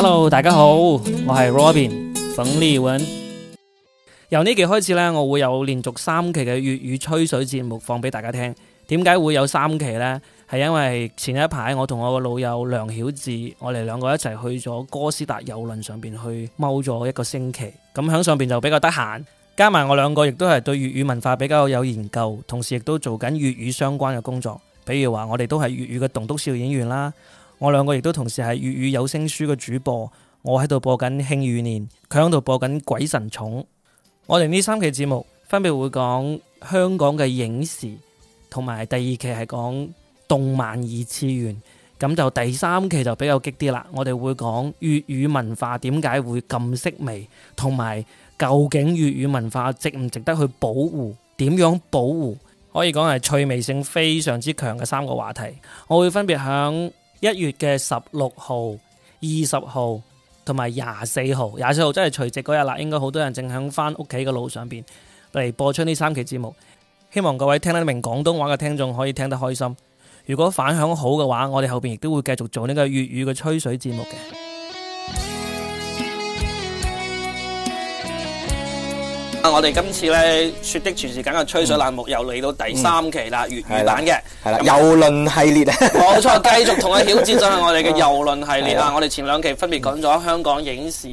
Hello，大家好，我係 Robin，粉麗雲。由呢期開始咧，我會有連續三期嘅粵語吹水節目放俾大家聽。點解會有三期呢？係因為前一排我同我嘅老友梁曉智，我哋兩個一齊去咗哥斯達郵輪上邊去踎咗一個星期。咁喺上邊就比較得閒，加埋我兩個亦都係對粵語文化比較有研究，同時亦都做緊粵語相關嘅工作，比如話我哋都係粵語嘅棟篤笑演員啦。我兩個亦都同時係粵語有聲書嘅主播，我播，我喺度播緊《慶餘年》，佢喺度播緊《鬼神寵》。我哋呢三期節目分別會講香港嘅影視，同埋第二期係講動漫二次元。咁就第三期就比較激啲啦。我哋會講粵語文化點解會咁式微，同埋究竟粵語文化值唔值得去保護？點樣保護？可以講係趣味性非常之強嘅三個話題。我會分別響。一月嘅十六號、二十號同埋廿四號，廿四號真係除夕嗰日啦。應該好多人正響返屋企嘅路上邊嚟播出呢三期節目。希望各位聽得明廣東話嘅聽眾可以聽得開心。如果反響好嘅話，我哋後邊亦都會繼續做呢個粵語嘅吹水節目嘅。啊！我哋今次咧說的全是梗嘅吹水欄目，又嚟到第三期啦，粵語版嘅，係啦郵輪系列啊，冇錯，繼續同阿曉智進行我哋嘅郵輪系列啊！我哋前兩期分別講咗香港影視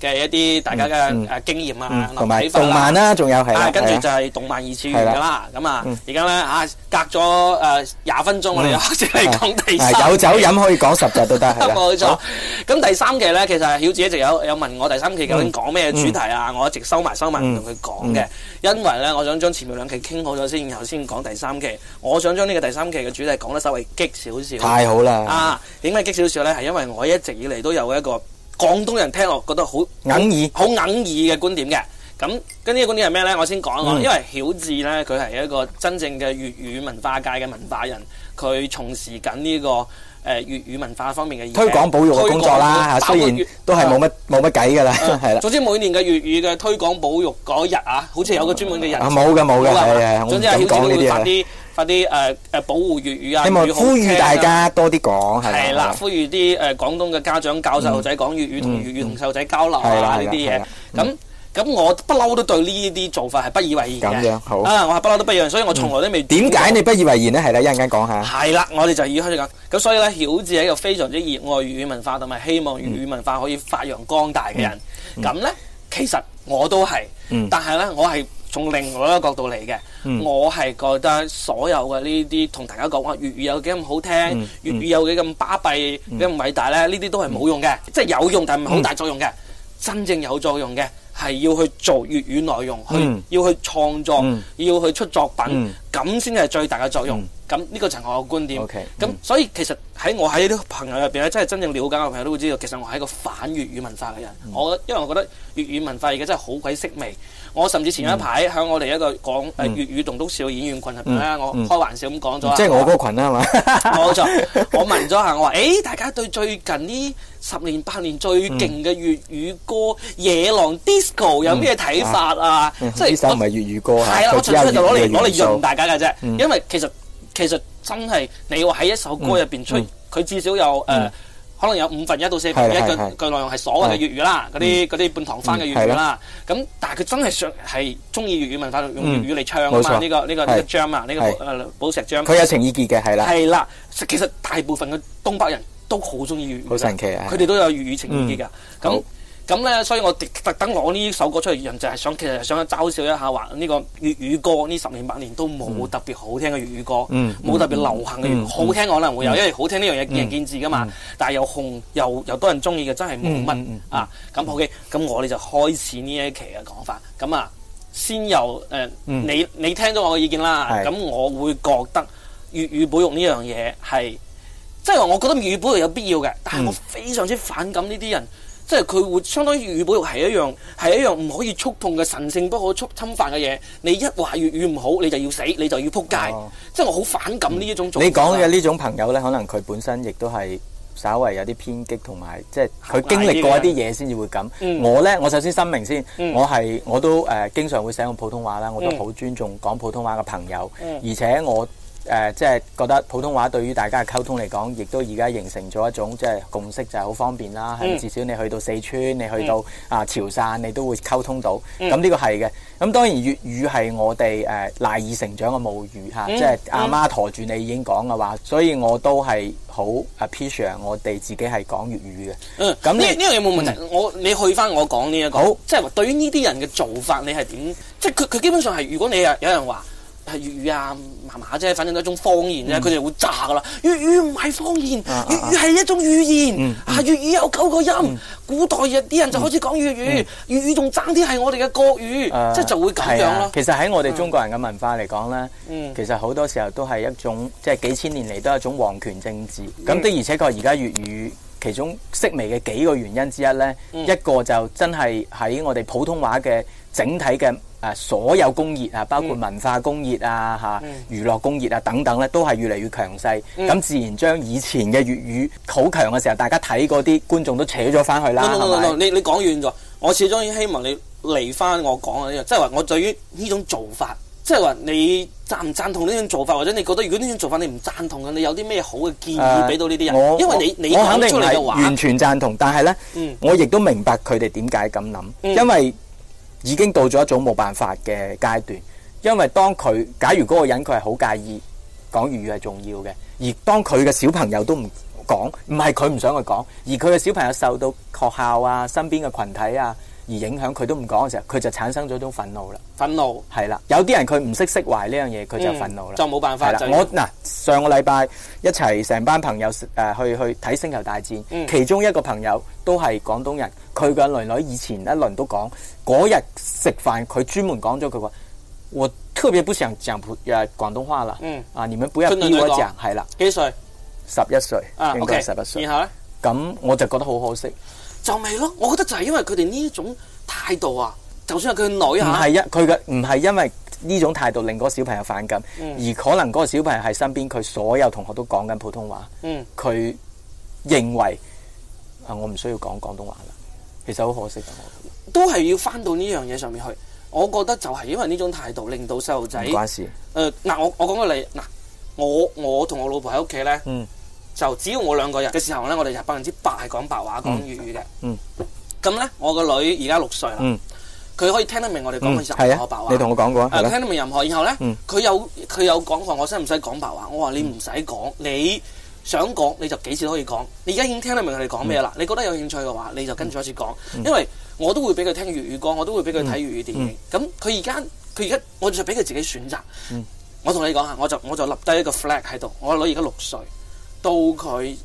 嘅一啲大家嘅誒經驗啊，同埋動漫啦，仲有係，跟住就係動漫二次元噶啦，咁啊，而家咧啊，隔咗誒廿分鐘我哋又開始嚟講第三，有酒飲可以講十集都得，冇錯。咁第三期咧，其實曉智一直有有問我第三期究竟講咩主題啊，我一直收埋收埋。佢講嘅，嗯、因為咧，我想將前面兩期傾好咗先，然後先講第三期。我想將呢個第三期嘅主題講得稍微激少少。太好啦！啊，點解激少少呢？係因為我一直以嚟都有一個廣東人聽落覺得好哽耳、好哽耳嘅觀點嘅。咁、嗯、跟呢個觀點係咩呢？我先講一講，嗯、因為曉智呢，佢係一個真正嘅粵語文化界嘅文化人，佢從事緊呢、這個。誒粵語文化方面嘅推廣保育嘅工作啦嚇，雖然都係冇乜冇乜計㗎啦，係啦。總之每年嘅粵語嘅推廣保育嗰日啊，好似有個專門嘅人。冇嘅冇嘅，係啊！總之開始會發啲發啲誒誒保護粵語啊，希望呼籲大家多啲講，係。係啦，呼籲啲誒廣東嘅家長教細路仔講粵語，同粵語同細路仔交流，係啦，呢啲嘢，咁。咁我不嬲都對呢啲做法係不以為然嘅，啊，我係不嬲都不以為然，所以我從來都未點解你不以為然呢？係啦，一陣間講下。係啦，我哋就已經開始講。咁所以咧，曉智係一個非常之熱愛粵語文化同埋希望粵語文化可以發揚光大嘅人。咁咧，其實我都係，但係咧，我係從另外一個角度嚟嘅。我係覺得所有嘅呢啲同大家講話粵語有幾咁好聽，粵語有幾咁巴閉、幾咁偉大咧？呢啲都係冇用嘅，即係有用，但係唔係好大作用嘅，真正有作用嘅。係要去做粵語內容，去、嗯、要去創作，嗯、要去出作品，咁先係最大嘅作用。咁呢、嗯、個就係我嘅觀點。OK、咁所以其實喺我喺呢啲朋友入邊咧，真係真正瞭解我嘅朋友都會知道，其實我係一個反粵語文化嘅人。嗯、我因為我覺得粵語文化而家真係好鬼式微。我甚至前一排喺我哋一個講誒粵語棟篤笑演員群入邊咧，我開玩笑咁講咗。即係我嗰個羣啦，係嘛？冇錯，我問咗下我話：，誒，大家對最近呢十年八年最勁嘅粵語歌《野狼 DISCO》有咩睇法啊？即係呢首唔係粵語歌，係一九九零年。係啦，我就攞嚟攞嚟潤大家嘅啫，因為其實其實真係你話喺一首歌入邊出，佢至少有誒，可能有五分一到四分一嘅嘅內容係所謂嘅粵語啦，嗰啲啲半唐番嘅粵語啦，咁但係佢真係上係鍾意粵語文化用粵語嚟唱啊嘛，呢個呢個呢個 Gem 啊，呢個誒寶石 Gem。佢有情意結嘅係啦。係啦，其實大部分嘅東北人都好鍾意粵語，好神奇啊，佢哋都有粵語情意結㗎。咁。咁咧，嗯嗯、所以我特登攞呢首歌出嚟，人就係想，其實想嘲笑一下，話呢個粵語歌呢十年八年都冇特別好聽嘅粵語歌，冇、嗯、特別流行嘅粵語歌、嗯、好聽，可能會有，嗯、因為好聽呢樣嘢見仁見智噶嘛。嗯、但係又紅又又多人鍾意嘅，真係冇乜啊。咁 OK，咁我哋就開始呢一期嘅講法。咁、嗯、啊，先由誒、呃嗯、你你聽咗我嘅意見啦。咁、嗯、我會覺得粵語保育呢樣嘢係，即係話我覺得粵語保育有必要嘅，但係我非常之反感呢啲人。即係佢會相當於粵語保育係一樣，係一樣唔可以觸動嘅神聖不可觸侵犯嘅嘢。你一話粵語唔好，你就要死，你就要撲街。哦、即係我好反感呢一種。你講嘅呢種朋友呢，可能佢本身亦都係稍為有啲偏激，同埋即係佢經歷過一啲嘢先至會咁。我呢，我首先聲明先、嗯，我係我都誒、呃，經常會使用普通話啦。我都好尊重講普通話嘅朋友，嗯、而且我。誒，即係覺得普通話對於大家嘅溝通嚟講，亦都而家形成咗一種即係共識，就係好方便啦。係至少你去到四川，你去到啊潮汕，你都會溝通到。咁呢個係嘅。咁當然粵語係我哋誒賴以成長嘅母語嚇，即係阿媽陀住你已經講嘅話，所以我都係好 appreciate 我哋自己係講粵語嘅。嗯，咁呢呢個有冇問題？我你去翻我講呢一個。好，即係對於呢啲人嘅做法，你係點？即係佢佢基本上係，如果你有有人話。係粵語啊，麻麻啫，反正係一種方言啫，佢哋會炸噶啦。粵語唔係方言，粵語係一種語言。啊，粵語有九個音，古代有啲人就開始講粵語，粵語仲爭啲係我哋嘅國語，即係就會咁樣咯。其實喺我哋中國人嘅文化嚟講咧，其實好多時候都係一種，即係幾千年嚟都係一種皇權政治。咁的而且確而家粵語其中式微嘅幾個原因之一咧，一個就真係喺我哋普通話嘅。整體嘅誒所有工業啊，包括文化工業啊、嚇娛樂工業啊等等咧，都係越嚟越強勢。咁、嗯、自然將以前嘅粵語好強嘅時候，大家睇嗰啲觀眾都扯咗翻去啦不吧。你你講遠咗。我始終希望你離翻我講呢啲，即係話我對於呢種做法，即係話你贊唔贊同呢種做法？或者你覺得如果呢種做法你唔贊同嘅，你有啲咩好嘅建議俾到、呃、呢啲人、嗯嗯嗯嗯。因為你你我肯定唔係完全贊同，但係咧，我亦都明白佢哋點解咁諗，因為。已經到咗一種冇辦法嘅階段，因為當佢，假如嗰個人佢係好介意講粵語係重要嘅，而當佢嘅小朋友都唔講，唔係佢唔想去講，而佢嘅小朋友受到學校啊、身邊嘅群體啊，而影響佢都唔講嘅時候，佢就產生咗種憤怒啦。憤怒係啦，有啲人佢唔識釋懷呢樣嘢，佢就憤怒啦。就冇辦法。係啦，我嗱上個禮拜一齊成班朋友誒去去睇《星球大戰》，其中一個朋友都係廣東人，佢嘅女女以前一輪都講，嗰日食飯，佢專門講咗佢話：我特別不想講誒廣東話啦。嗯。啊，你們不要逼我講。係啦。幾歲？十一歲。十一 k 然後咧？咁我就覺得好可惜。就咪咯，我覺得就係因為佢哋呢種態度啊，就算係佢女啊，唔係一佢嘅唔係因為呢種態度令嗰個小朋友反感，嗯、而可能嗰個小朋友喺身邊佢所有同學都講緊普通話，佢、嗯、認為啊，我唔需要講廣東話啦。其實好可惜㗎，都係要翻到呢樣嘢上面去。我覺得就係因為呢種態度令到細路仔唔關事。誒嗱、呃，我我講個例嗱，我我同我老婆喺屋企咧。嗯就只要我兩個人嘅時候咧，我哋就百分之百係講白話講粵語嘅。咁咧，我個女而家六歲啦。佢可以聽得明我哋講嘅時候講白話。你同我講過啊？聽得明任何。然後咧，佢有佢有講過我使唔使講白話？我話你唔使講，你想講你就幾時都可以講。你而家已經聽得明我哋講咩啦？你覺得有興趣嘅話，你就跟住開始講。因為我都會俾佢聽粵語歌，我都會俾佢睇粵語電影。咁佢而家佢而家我就俾佢自己選擇。我同你講下，我就我就立低一個 flag 喺度。我個女而家六歲。到佢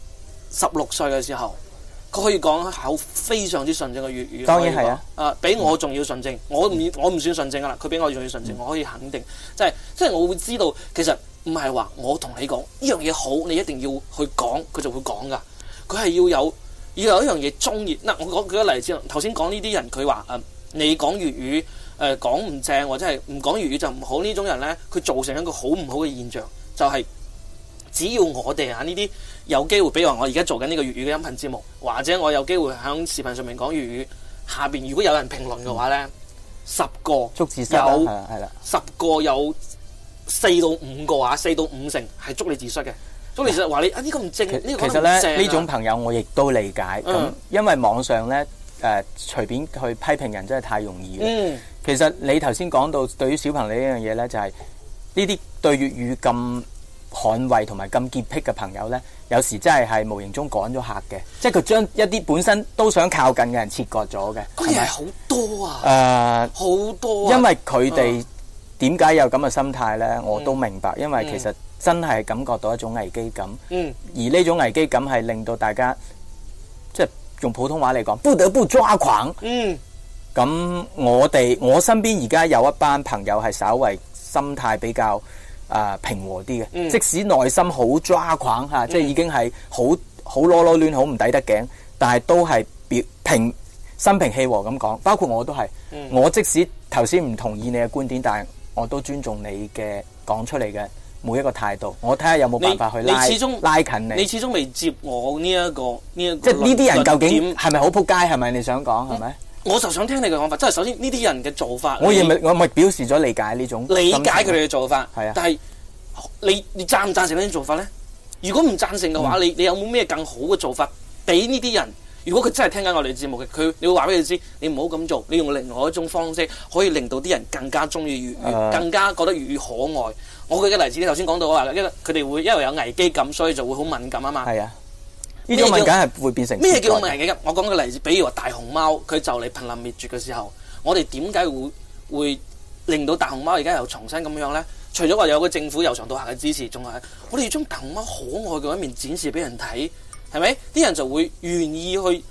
十六歲嘅時候，佢可以講一口非常之純正嘅粵語。當然係啊，啊，比我仲要純正，我唔，嗯、我唔算純正噶啦。佢比我仲要純正，嗯、我可以肯定，即係，即係我會知道，其實唔係話我同你講呢樣嘢好，你一定要去講，佢就會講噶。佢係要有要有一樣嘢中意。嗱、啊，我講舉個例子啦。頭先講呢啲人，佢話誒，你講粵語誒講唔正，或者係唔講粵語就唔好呢種人咧，佢造成一個好唔好嘅現象，就係。只要我哋啊呢啲有機會，比如話我而家做緊呢個粵語嘅音頻節目，或者我有機會喺視頻上面講粵語，下邊如果有人評論嘅話咧，嗯、十個有自、啊、十個有四到五個啊，四到五成係捉你字蝨嘅。咁哇你、啊呢個、其實話你啊呢個唔正，其實咧呢、啊、種朋友我亦都理解，咁、嗯、因為網上咧誒、呃、隨便去批評人真係太容易。嗯、其實你頭先講到對於小朋友呢樣嘢咧，就係呢啲對粵語咁。捍衛同埋咁潔癖嘅朋友呢，有時真係係無形中趕咗客嘅，即係佢將一啲本身都想靠近嘅人切割咗嘅，係咪？咁嘢好多啊！誒、呃，好多、啊。因為佢哋點解有咁嘅心態呢？我都明白，嗯、因為其實真係感覺到一種危機感。嗯。而呢種危機感係令到大家，即係用普通話嚟講，不得不抓狂。嗯。咁我哋我身邊而家有一班朋友係稍為心態比較。誒、啊、平和啲嘅，嗯、即使內心好抓狂嚇，嗯、即係已經係好好囉囉攣，好唔抵得頸，但係都係平平心平氣和咁講。包括我都係，嗯、我即使頭先唔同意你嘅觀點，但係我都尊重你嘅講出嚟嘅每一個態度。我睇下有冇辦法去拉拉近你。你始終未接我呢、這、一個呢一、這個、即係呢啲人究竟係咪好撲街？係咪點你想講係咪？我就想聽你嘅講法，即係首先呢啲人嘅做法，我認為我咪表示咗理解，呢種理解佢哋嘅做法，係啊的。但係你你贊唔贊成呢啲做法咧？如果唔贊成嘅話，嗯、你你有冇咩更好嘅做法俾呢啲人？如果佢真係聽緊我哋節目嘅，佢你會話俾佢知，你唔好咁做，你用另外一種方式可以令到啲人更加中意粵語，更加覺得粵語可愛。Uh, 我舉嘅例子，你頭先講到話，因為佢哋會因為有危機感，所以就會好敏感啊嘛。係啊。呢個問題梗係會變成咩叫問題嘅？我講個例子，比如話大熊貓，佢就嚟瀕臨滅絕嘅時候，我哋點解會會令到大熊貓而家又重新咁樣咧？除咗話有個政府由上到下嘅支持，仲係我哋要將大熊貓可愛嘅一面展示俾人睇，係咪啲人就會願意去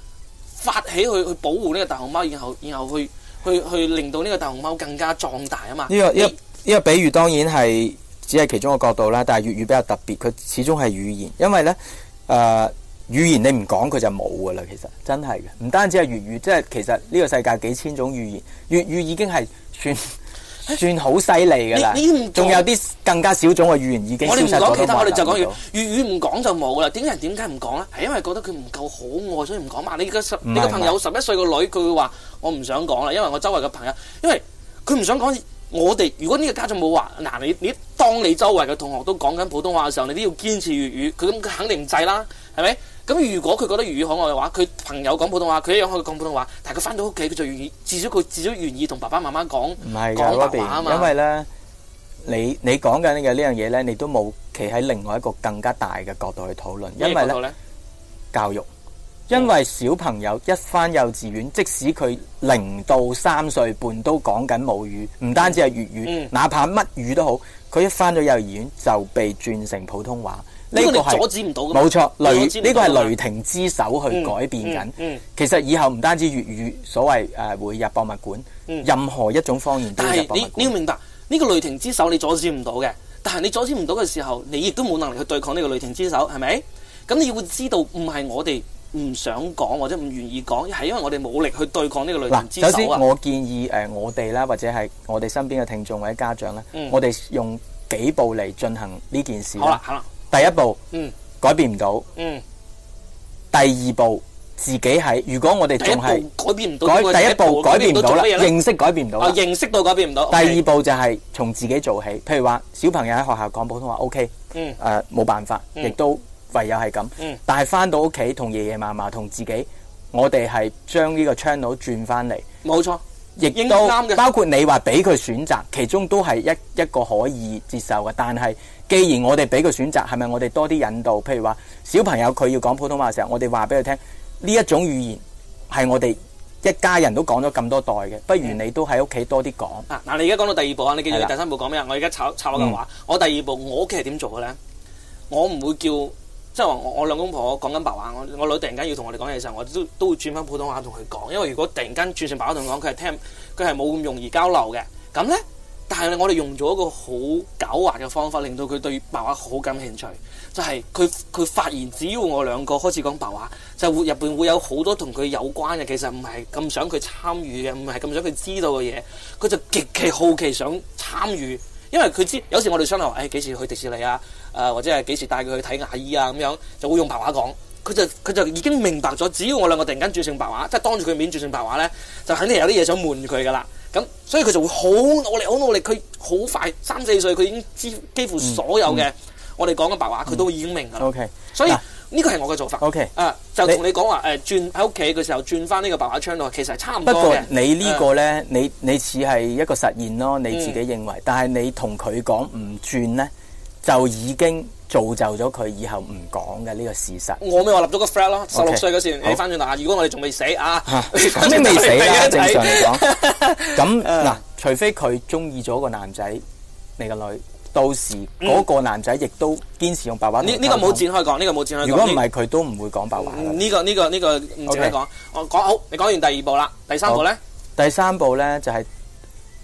發起去去保護呢個大熊貓，然後然後去去去令到呢個大熊貓更加壯大啊？嘛呢、這個呢呢你、這個這個比喻當然係只係其中個角度啦，但係粵語比較特別，佢始終係語言，因為咧誒。呃語言你唔講佢就冇噶啦，其實真係嘅，唔單止係粵語，即係其實呢個世界幾千種語言，粵語已經係算算好犀利噶啦。你仲有啲更加少種嘅語言已經消失咗。我哋唔講其他，我哋就講粵語。粵語唔講就冇啦。點解？點解唔講咧？係因為覺得佢唔夠可愛，所以唔講嘛。你個十，你個朋友十一歲個女，佢會話我唔想講啦，因為我周圍嘅朋友，因為佢唔想講。我哋如果呢個家長冇話，嗱你你，你當你周圍嘅同學都講緊普通話嘅時候，你都要堅持粵語，佢咁佢肯定唔制啦，係咪？咁如果佢覺得粵語可愛嘅話，佢朋友講普通話，佢一樣可以講普通話。但係佢翻到屋企，佢就願意，至少佢至少願意同爸爸媽媽講講白話嘛。因為呢，你你講緊嘅呢樣嘢呢，你都冇企喺另外一個更加大嘅角度去討論。因為咧，呢教育，因為小朋友一翻幼稚園，嗯、即使佢零到三歲半都講緊母語，唔單止係粵語，嗯嗯、哪怕乜語都好，佢一翻咗幼兒園就被轉成普通話。呢個你阻止唔到，係冇錯，雷呢個係雷霆之手去改變緊。嗯嗯、其實以後唔單止粵語，所謂誒、呃、會入博物館，嗯、任何一種方言都入博物館。但係你你要明白呢、呢個雷霆之手你阻止唔到嘅。但係你阻止唔到嘅時候，你亦都冇能力去對抗呢個雷霆之手，係咪？咁你要知道，唔係我哋唔想講或者唔願意講，係因為我哋冇力去對抗呢個雷霆之手。首，首先我建議誒、呃、我哋啦，或者係我哋身邊嘅聽眾或者家長咧，嗯、我哋用幾步嚟進行呢件事好啦。好。第一步，改變唔到。第二步，自己係。如果我哋仲係改變唔到，第一步改變唔到啦，認識改變唔到，認識都改變唔到。第二步就係從自己做起。譬如話小朋友喺學校講普通話，OK。誒，冇辦法，亦都唯有係咁。但係翻到屋企，同爺爺嫲嫲，同自己，我哋係將呢個 channel 轉翻嚟。冇錯，亦都包括你話俾佢選擇，其中都係一一個可以接受嘅，但係。既然我哋俾個選擇，係咪我哋多啲引導？譬如話小朋友佢要講普通話嘅時候，我哋話俾佢聽呢一種語言係我哋一家人都講咗咁多代嘅，不如你都喺屋企多啲講。啊，嗱，你而家講到第二步，啊，你記住你第三步講咩啊？我而家插插我嘅話，嗯、我第二步，我屋企係點做嘅咧？我唔會叫即係話我我兩公婆講緊白話，我我女突然間要同我哋講嘢嘅時候，我都都會轉翻普通話同佢講，因為如果突然間轉成白話同講，佢係聽佢係冇咁容易交流嘅。咁咧？但係咧，我哋用咗一個好狡猾嘅方法，令到佢對白話好感興趣。就係佢佢發現，只要我兩個開始講白話，就會入邊會有好多同佢有關嘅，其實唔係咁想佢參與嘅，唔係咁想佢知道嘅嘢，佢就極其好奇想參與。因為佢知有時我哋商量話，誒幾時去迪士尼啊？誒或者係幾時帶佢去睇牙醫啊？咁樣就會用白話講。佢就佢就已經明白咗，只要我兩個突然間轉成白話，即係當住佢面轉成白話咧，就肯定有啲嘢想瞞住佢噶啦。咁所以佢就會好努力，好努力。佢好快，三四歲佢已經知幾乎所有嘅、嗯、我哋講嘅白話，佢、嗯、都已經明㗎啦。O Okay , K，uh, 所以呢個係我嘅做法。O K，啊就同你講話誒轉喺屋企嘅時候轉翻呢個白話窗度，其實差唔多，不過你個呢個咧、uh，你你似係一個實驗咯，你自己認為。嗯、但係你同佢講唔轉咧，就已經。造就咗佢以後唔講嘅呢個事實。我咪話立咗個 friend 咯，十六歲嗰時你翻轉頭下，如果我哋仲未死啊，咁你未死啊？正常嚟講。咁嗱，除非佢中意咗個男仔，你個女，到時嗰個男仔亦都堅持用白話。呢呢個冇展開講，呢個冇展開講。如果唔係，佢都唔會講白話。呢個呢個呢個唔展開講。我講好，你講完第二步啦，第三步咧？第三步咧就係。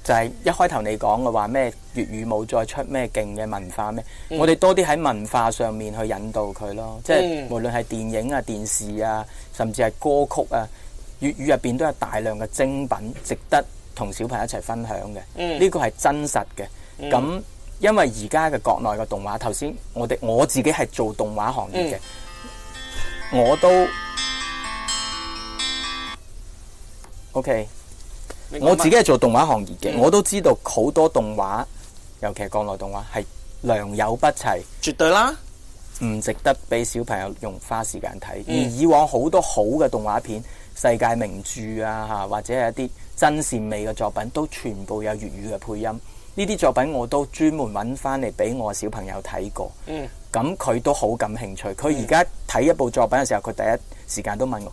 就係一開頭你講嘅話咩粵語冇再出咩勁嘅文化咩？嗯、我哋多啲喺文化上面去引導佢咯，嗯、即係無論係電影啊、電視啊，甚至係歌曲啊，粵語入邊都有大量嘅精品，值得同小朋友一齊分享嘅。呢個係真實嘅。咁因為而家嘅國內嘅動畫，頭先我哋我自己係做動畫行業嘅，嗯、我都 OK。我自己係做動畫行業嘅，嗯、我都知道好多動畫，尤其係國內動畫係良莠不齊，絕對啦，唔值得俾小朋友用花時間睇。嗯、而以往好多好嘅動畫片、世界名著啊，吓或者係一啲真善美嘅作品，都全部有粵語嘅配音。呢啲作品我都專門揾翻嚟俾我小朋友睇過，咁佢、嗯、都好感興趣。佢而家睇一部作品嘅時候，佢第一時間都問我，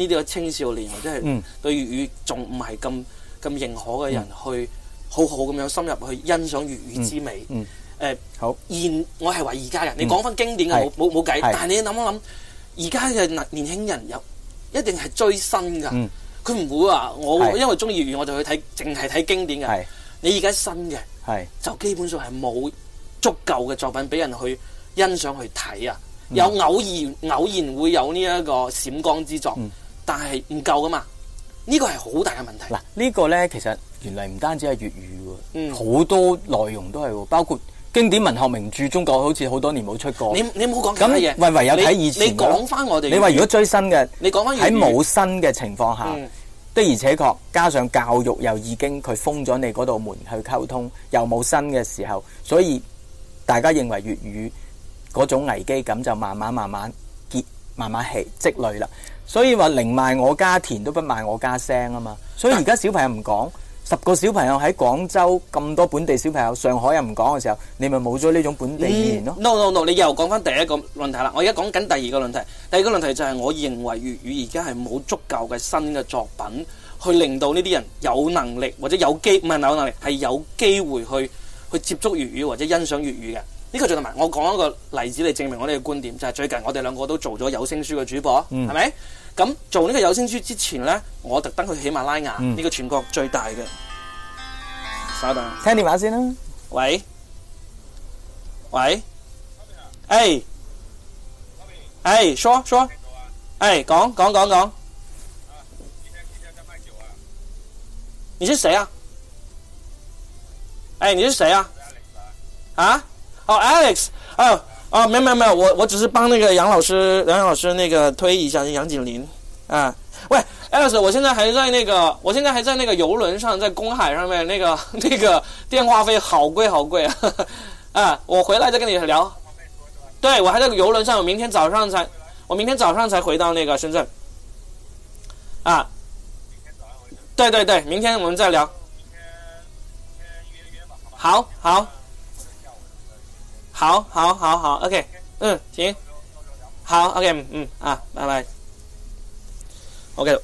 呢啲嘅青少年或者係對粵語仲唔係咁咁認可嘅人，去好好咁樣深入去欣賞粵語之美。誒，而我係話而家嘅，你講翻經典嘅冇冇冇計。但係你諗一諗，而家嘅年年輕人有一定係追新㗎，佢唔會話我因為中意粵語我就去睇，淨係睇經典嘅。你而家新嘅就基本上係冇足夠嘅作品俾人去欣賞去睇啊！有偶然偶然會有呢一個閃光之作。但係唔夠噶嘛？呢、這個係好大嘅問題。嗱，呢個呢，其實原嚟唔單止係粵語喎，好、嗯、多內容都係喎，包括經典文學名著，中國好似好多年冇出過。你你冇講其他嘢。咁，唯，唯有睇以前你。你講翻我哋。你話如果追新嘅，你講翻粵語。喺冇新嘅情況下，嗯、的而且確，加上教育又已經佢封咗你嗰道門去溝通，又冇新嘅時候，所以大家認為粵語嗰種危機感就慢慢慢慢慢慢係積累啦。嗯所以話寧賣我家田都不賣我家聲啊嘛！所以而家小朋友唔講，十個小朋友喺廣州咁多本地小朋友，上海又唔講嘅時候，你咪冇咗呢種本地語言咯。Mm, no no no！你又講翻第一個論題啦，我而家講緊第二個論題。第二個論題就係我認為粵語而家係冇足夠嘅新嘅作品，去令到呢啲人有能力或者有機唔係有能力係有機會去去接觸粵語或者欣賞粵語嘅。呢個就同埋，我講一個例子嚟證明我哋嘅觀點，就係、是、最近我哋兩個都做咗有聲書嘅主播，係咪、嗯？咁、嗯、做呢個有聲書之前咧，我特登去喜馬拉雅呢、嗯、個全國最大嘅。稍等，聽電話先啦。喂，喂，哎、啊，哎嘿，叔叔便，哎，講講講講。你是誰啊？哎、啊，你是誰啊？啊？哦、oh，Alex，哦哦，沒有沒有，沒有，我我只是幫那個楊老師，楊老師那個推一下楊錦麟，啊，喂，Alex，我現在還在那個，我現在還在那個郵輪上，在公海上面，那個那個電話費好貴好貴啊，啊，我回來再跟你聊。對我還在郵輪上，我明天早上才，我明天早上才回到那個深圳，啊，對對對，明天我們再聊，好好。好，好，好，好，OK，嗯，請，好，OK，嗯，啊，拜拜，OK，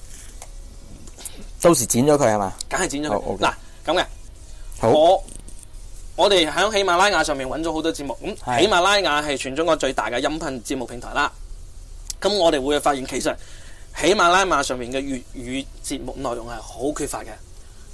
到時剪咗佢係嘛？梗係剪咗佢。嗱，咁、OK, 嘅、啊，好我，我哋響喜馬拉雅上面揾咗好多節目。咁、嗯、是喜馬拉雅係全中國最大嘅音頻節目平台啦。咁我哋會發現，其實喜馬拉雅上面嘅粵語節目內容係好缺乏嘅，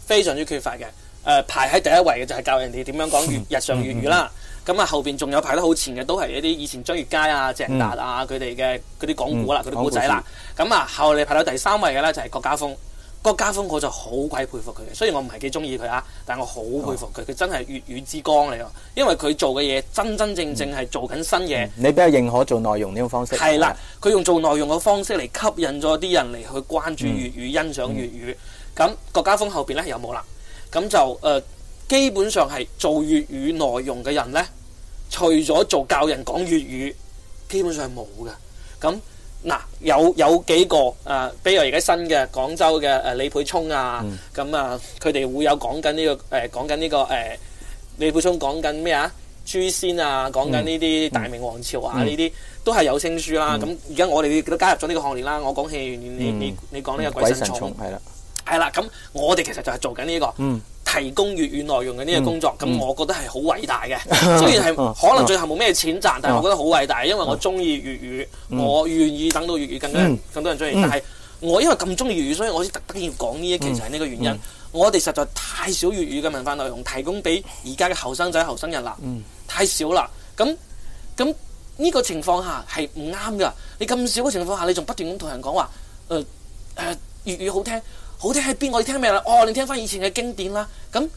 非常之缺乏嘅。誒、呃，排喺第一位嘅就係教人哋點樣講粵日常粵語啦、 嗯嗯。咁啊，後邊仲有排得好前嘅，都係一啲以前張月佳啊、鄭達啊佢哋嘅嗰啲講古啦，嗰啲古仔啦。咁啊，後嚟排到第三位嘅咧，就係郭家豐。郭家豐我就好鬼佩服佢嘅，雖然我唔係幾中意佢啊，但係我好佩服佢，佢、哦、真係粵語之光嚟咯。因為佢做嘅嘢真真正正係做緊新嘢、嗯。你比較認可做內容呢個方式？係啦，佢用做內容嘅方式嚟吸引咗啲人嚟去關注粵語、嗯、欣賞粵語。咁郭家豐後邊咧有冇啦？咁就誒。呃基本上係做粵語內容嘅人咧，除咗做教人講粵語，基本上係冇嘅。咁嗱，有有幾個啊、呃？比如而家新嘅廣州嘅誒、呃、李佩聰啊，咁啊、嗯，佢哋、嗯嗯、會有講緊、這、呢個誒、呃，講緊、這、呢個誒、呃，李佩聰講緊咩啊？諸仙啊，講緊呢啲大明王朝啊，呢啲、嗯嗯、都係有聲書啦、啊。咁而家我哋都加入咗呢個行列啦。我講戲，你你你講呢個鬼神蟲，啦、嗯。係啦，咁我哋其實就係做緊、這、呢個、嗯、提供粵語內容嘅呢個工作，咁、嗯、我覺得係好偉大嘅。嗯、雖然係可能最後冇咩錢賺，嗯、但係我覺得好偉大，因為我中意粵語，嗯、我願意等到粵語更多、嗯、更多人中意。嗯、但係我因為咁中意粵語，所以我先特登要講呢、這個，其實係呢個原因。嗯嗯、我哋實在太少粵語嘅文化內容提供俾而家嘅後生仔後生人啦，人嗯、太少啦。咁咁呢個情況下係唔啱噶。你咁少嘅情況下，你仲不斷咁同人講話，誒、呃、誒、粵、呃呃、語好聽。好聽喺邊？我要聽咩啦。哦，你聽翻以前嘅經典啦。咁、嗯、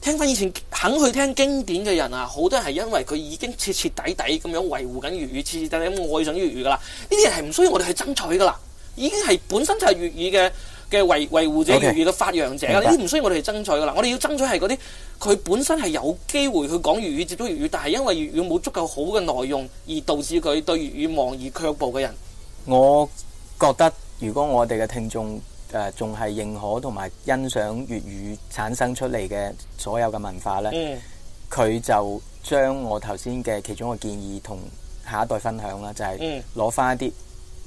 聽翻以前肯去聽經典嘅人啊，好多係因為佢已經徹徹底底咁樣維護緊粵語，徹徹底底咁愛上粵語噶啦。呢啲人係唔需要我哋去爭取噶啦，已經係本身就係粵語嘅嘅維維護者、粵語嘅發揚者。呢啲唔需要我哋去爭取噶啦。我哋要爭取係嗰啲佢本身係有機會去講粵語、接觸粵語，但係因為粵語冇足夠好嘅內容，而導致佢對粵語望而卻步嘅人。我覺得如果我哋嘅聽眾，誒仲係認可同埋欣賞粵語產生出嚟嘅所有嘅文化呢，佢、嗯、就將我頭先嘅其中嘅建議同下一代分享啦，就係攞翻一啲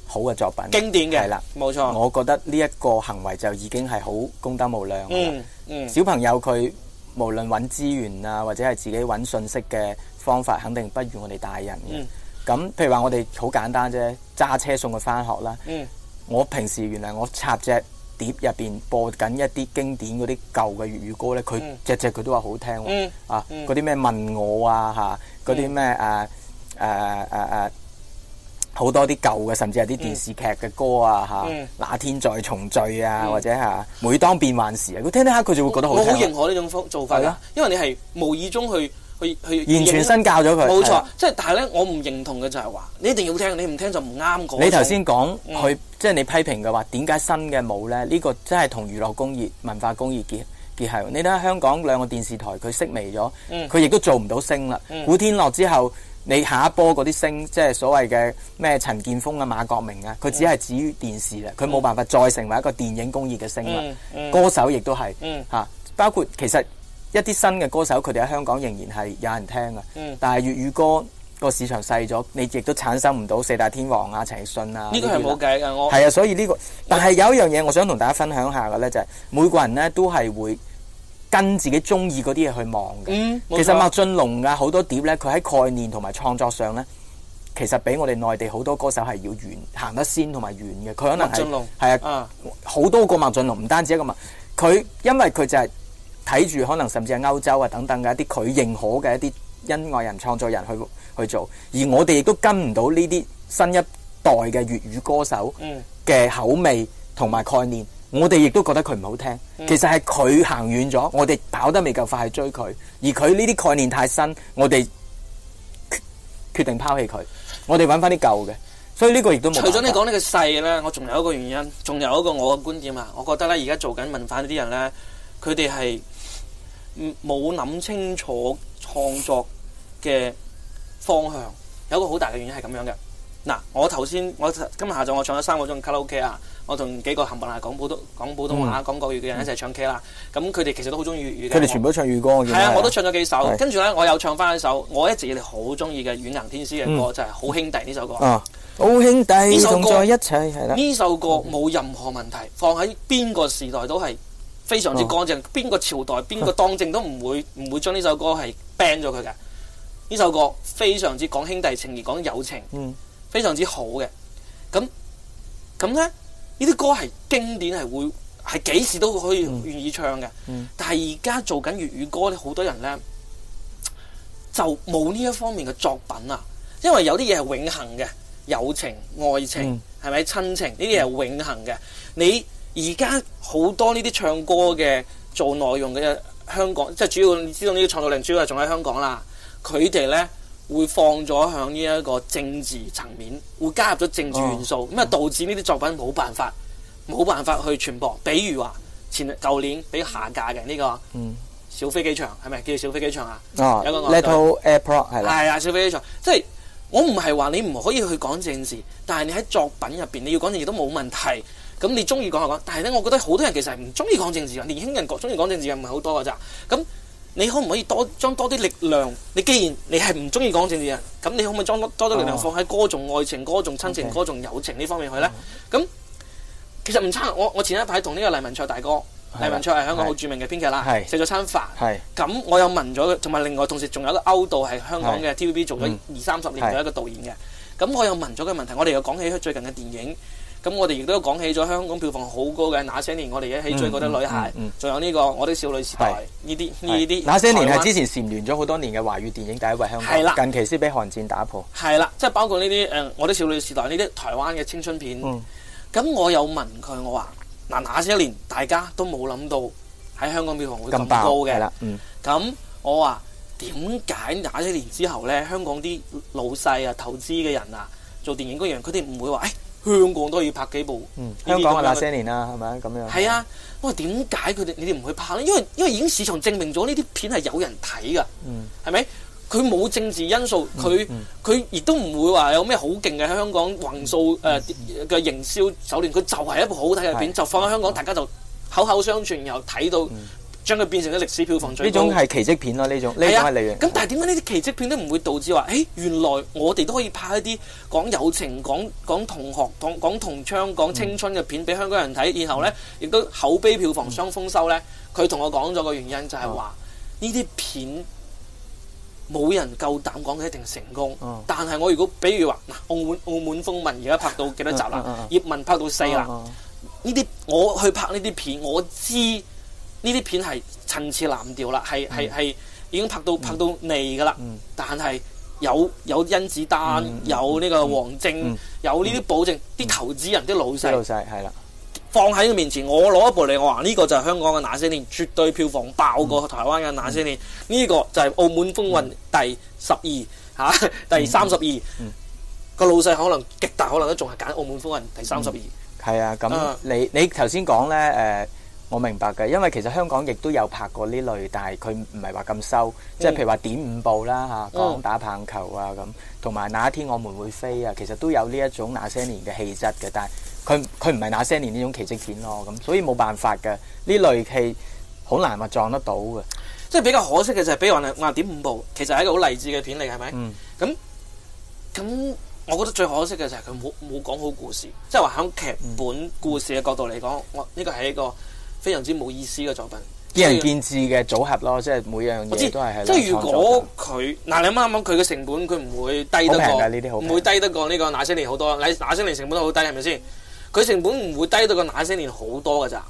好嘅作品，經典嘅，係啦了，冇錯錯。我覺得呢一個行為就已經係好功德無量嘅。嗯嗯、小朋友佢無論揾資源啊，或者係自己揾信息嘅方法，肯定不如我哋大人嘅。咁、嗯、譬如話，我哋好簡單啫，揸車送佢翻學啦。我平時原來我插隻碟入邊播緊一啲經典嗰啲舊嘅粵語歌咧，佢隻隻佢都話好聽喎。啊，嗰啲咩問我啊嚇，嗰啲咩誒誒誒誒，好多啲舊嘅，甚至係啲電視劇嘅歌啊嚇，啊嗯、哪天再重聚啊，嗯、或者嚇，每當變幻時啊，佢聽聽下佢就會覺得好聽。我好認可呢種方做法啦，的因為你係無意中去。去去完全新教咗佢，冇錯。即係是、啊、但係咧，我唔認同嘅就係話，你一定要聽，你唔聽就唔啱。我你頭先講佢，即係你批評嘅話，點解新嘅冇咧？呢、呢個真係同娛樂工業、文化工業結結合。你睇下香港兩個電視台，佢式微咗，佢亦都做唔到星啦。嗯、古天樂之後，你下一波嗰啲星，即係所謂嘅咩陳鍵鋒啊、馬國明啊，佢只係止於電視啦，佢冇辦法再成為一個電影工業嘅星啦。嗯嗯歌手亦都係嚇，包括其實。一啲新嘅歌手，佢哋喺香港仍然係有人聽嘅。嗯、但係粵語歌個市場細咗，你亦都產生唔到四大天王啊、陳奕迅啊，呢個係冇計嘅。我係啊，所以呢、這個，但係有一樣嘢，我想同大家分享下嘅咧，就係、是、每個人咧都係會跟自己中意嗰啲嘢去望嘅。嗯、其實麥浚龍啊，好多碟咧，佢喺概念同埋創作上咧，其實比我哋內地好多歌手係要遠行得先同埋遠嘅。佢可能係係啊，好多個麥浚龍，唔單止一個麥，佢因為佢就係、是。睇住可能甚至係歐洲啊等等嘅一啲佢認可嘅一啲音樂人、創作人去去做，而我哋亦都跟唔到呢啲新一代嘅粵語歌手嘅口味同埋概念，我哋亦都覺得佢唔好聽，其實係佢行遠咗，我哋跑得未夠快，去追佢。而佢呢啲概念太新，我哋決定拋棄佢。我哋揾翻啲舊嘅，所以呢個亦都冇。除咗你講呢個細啦，我仲有一個原因，仲有一個我嘅觀點啊！我覺得咧，而家做緊文化啲人咧，佢哋係。冇諗清楚創作嘅方向，有一個好大嘅原因係咁樣嘅。嗱，我頭先我今日下晝我唱咗三個鐘卡拉 OK 啊，我同幾個冚唪唥啊講普通講普通話講國語嘅人一齊唱 K 啦。咁佢哋其實都好中意粵語。佢哋全部都唱粵歌嘅。係啊，我都唱咗幾首。跟住咧，我又唱翻一首我一直以嚟好中意嘅《遠行天師》嘅歌，就係《好兄弟》呢首歌。哦，好兄弟呢首歌一齊係啦，呢首歌冇任何問題，放喺邊個時代都係非常之乾淨，邊、oh. 個朝代、邊個當政都唔會唔 會將呢首歌係 ban 咗佢嘅。呢首歌非常之講兄弟情而講友情，mm. 非常之好嘅。咁咁咧，呢啲歌係經典，係會係幾時都可以願意唱嘅。Mm. 但係而家做緊粵語歌咧，好多人呢，就冇呢一方面嘅作品啊。因為有啲嘢係永恆嘅，友情、愛情係咪親情？呢啲嘢係永恆嘅，你。Mm. Mm. 而家好多呢啲唱歌嘅做內容嘅香港，即係主要你知道呢啲創造力主要係仲喺香港啦。佢哋咧會放咗響呢一個政治層面，會加入咗政治元素，咁啊、哦、導致呢啲作品冇辦法冇辦法去傳播。比如話前舊年俾下架嘅呢、這個、嗯、小飛機場，係咪叫做小飛機場啊？哦、有個 Little Airport 係啊，小飛機場。即係我唔係話你唔可以去講政治，但係你喺作品入邊你要講政治都冇問題。咁你中意講下講，但係咧，我覺得好多人其實係唔中意講政治嘅，年輕人覺中意講政治嘅唔係好多噶咋。咁你可唔可以多將多啲力量？你既然你係唔中意講政治嘅，咁你可唔可以將多多啲力量放喺歌頌愛情、歌頌親情、Okay. 歌頌友情呢方面去咧？咁 Okay. 其實唔差。我我前一排同呢個黎文卓大哥，的黎文卓係香港好著名嘅編劇啦，食咗餐飯。係咁，我又問咗，同埋另外同時仲有一個歐導係香港嘅 TVB 做咗二三十年嘅一個導演嘅。咁我又問咗嘅問題，我哋又講起佢最近嘅電影。咁我哋亦都講起咗香港票房好高嘅《那些年》，我哋一起追過的女孩，仲、嗯嗯嗯、有呢、呢個《我的少女時代》呢啲呢啲。那些年係灣之前蟬聯咗好多年嘅華語電影第一位香港，的近期先俾《寒戰》打破。係啦，即、就、係、是、包括呢啲誒《我的少女時代》呢啲台灣嘅青春片。咁、嗯、我有問佢，我話嗱，《那些年》大家都冇諗到喺香港票房會咁高嘅啦。咁、嗯、我話點解《那些年》之後咧，香港啲老細啊、投資嘅人啊、做電影嗰樣，佢哋唔會話誒？哎香港都可以拍幾部，嗯、些香港嘅那些年啦，係咪咁樣？係啊，我話點解佢哋你哋唔去拍咧？因為因為已經市場證明咗呢啲片係有人睇噶，係咪、嗯？佢冇政治因素，佢佢亦都唔會話有咩好勁嘅香港運數橫掃誒嘅營銷手段，佢就係一部好睇嘅片，的就放喺香港，嗯、大家就口口相傳，然後睇到。嗯將佢變成咗歷史票房最高呢種係奇蹟片咯，呢種呢種係嚟源。咁但係點解呢啲奇蹟片都唔會導致話，誒，原來我哋都可以拍一啲講友情、講講同學、講講同窗、講青春嘅片俾香港人睇，然後咧亦都口碑票房雙豐收咧？佢同我講咗個原因就係話呢啲片冇人夠膽講佢一定成功，但係我如果比如話嗱，澳門澳門風雲而家拍到幾多集啦？葉問拍到四啦，呢啲我去拍呢啲片，我知。呢啲片係陳詞濫調啦，係係係已經拍到、嗯、拍到拍到膩噶啦。但係有有甄子丹，嗯嗯嗯，有呢個王晶，有呢啲保證，啲、嗯、投資人、啲老細，老細係啦，放喺佢面前，我攞一部嚟，我話呢個就係香港嘅那些年，絕對票房爆過台灣嘅那些年。呢個就係澳門風雲第十二吓，第三十二個老細可能極大可能都仲係揀澳門風雲第三十二。係啊、嗯，咁你你頭先講咧，誒、嗯。我明白嘅，因為其實香港亦都有拍過呢類，但係佢唔係話咁收，即係、嗯、譬如話《點五步》啦嚇，講打棒球啊咁，同埋、嗯、那一天我們會飛啊，其實都有呢一種那些年嘅氣質嘅，但係佢佢唔係那些年呢種奇蹟片咯，咁所以冇辦法嘅呢類戲好難話撞得到嘅，即係比較可惜嘅就係，比如話我話《點五步》，其實係一個好勵志嘅片嚟，係咪？咁咁，我覺得最可惜嘅就係佢冇冇講好故事，即係話響劇本故事嘅角度嚟講，我呢、這個係一個。非常之冇意思嘅作品，見仁見智嘅組合咯，以即係每樣嘢都係即係如果佢嗱，嗯、你啱啱講佢嘅成本，佢唔會低得過呢啲好，唔會低得過呢個《那些年》好多，《那那些年》成本都好低，係咪先？佢成本唔會低得過《那些年》好多㗎咋，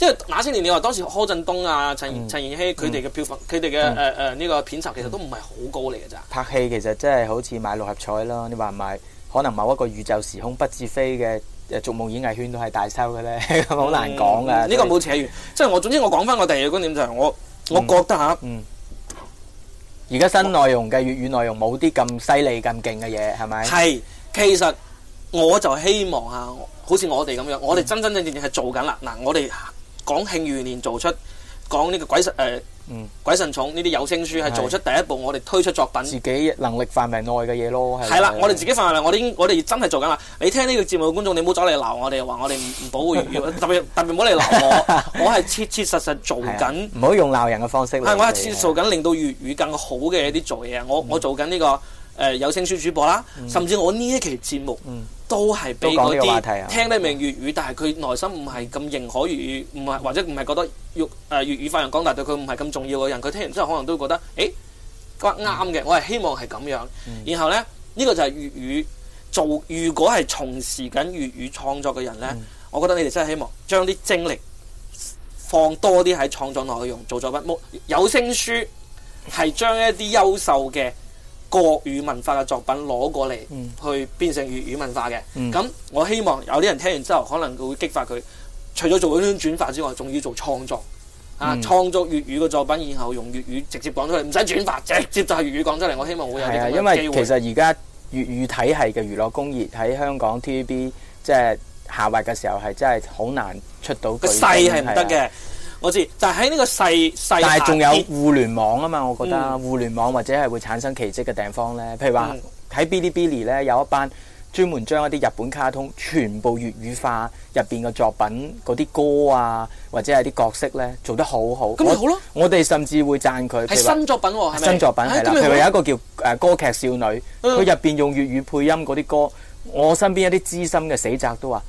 因為《那些年》你話當時柯震東啊、陳、嗯、陳妍希佢哋嘅票房、佢哋嘅誒誒呢個片酬其實都唔係好高嚟嘅咋。拍戲其實真係好似買六合彩咯，你話唔買？可能某一個宇宙時空不自飛嘅。又做夢演藝圈都係大收嘅咧，好 難講啊！呢、嗯嗯、呢個冇扯完， 即係我，總之我講翻我第二個觀點就係我，我覺得嚇，而家、嗯嗯、新內容嘅粵語內容冇啲咁犀利、咁勁嘅嘢，係咪？係，其實我就希望啊，好似我哋咁樣，我哋真真正正係做緊啦。嗱、嗯，我哋講慶餘年做出。講呢個鬼神誒，呃嗯、鬼神寵呢啲有聲書係做出第一部我哋推出作品，自己能力範圍內嘅嘢咯。係啦的，我哋自己範圍內，我啲我哋真係做緊啦。你聽呢個節目嘅觀眾，你唔好走嚟鬧我哋，話我哋唔唔保護粵語， 特別特別唔好嚟鬧我。 我係切切實實做緊，唔好用鬧人嘅方式。係我係切做緊令到粵語更好嘅一啲做嘢、嗯。我我做緊呢、這個。誒、呃、有聲書主播啦，嗯、甚至我呢一期節目都係俾嗰啲聽得明粵語，嗯、但係佢內心唔係咁認可粵語，唔係、嗯、或者唔係覺得粵誒粵語發揚光大對佢唔係咁重要嘅人，佢聽完之後可能都會覺得誒得啱嘅，欸嗯、我係希望係咁樣。嗯、然後呢，呢、呢個就係粵語做，如果係從事緊粵語創作嘅人呢，嗯、我覺得你哋真係希望將啲精力放多啲喺創作內容、做咗作冇，有聲書，係將一啲優秀嘅。國語文化嘅作品攞過嚟，嗯、去變成粵語，語文化嘅。咁、嗯、我希望有啲人聽完之後，可能會激發佢，除咗做嗰種轉化之外，仲要做創作，嗯、啊，創作粵語嘅作品，然後用粵語直接講出嚟，唔使轉化，直接就係粵語講出嚟。我希望會有呢個機會、係啊、因為其實而家粵語體系嘅娛樂工業喺香港 TVB 即係下滑嘅時候，係真係好難出到。個勢係唔得嘅。我知，就喺、是、呢個世，細發。但係仲有互聯網啊嘛，我覺得、嗯、互聯網或者係會產生奇蹟嘅地方咧。譬如話喺 Bilibili 咧，有一班專門將一啲日本卡通全部粵語化入邊嘅作品，嗰啲歌啊，或者係啲角色咧，做得好好。咁好咯、啊！我哋甚至會讚佢。係新作品喎、啊，係咪？新作品係啦。啊、譬如有一個叫誒歌劇少女，佢入邊用粵語配音嗰啲歌，我身邊一啲資深嘅死宅都話，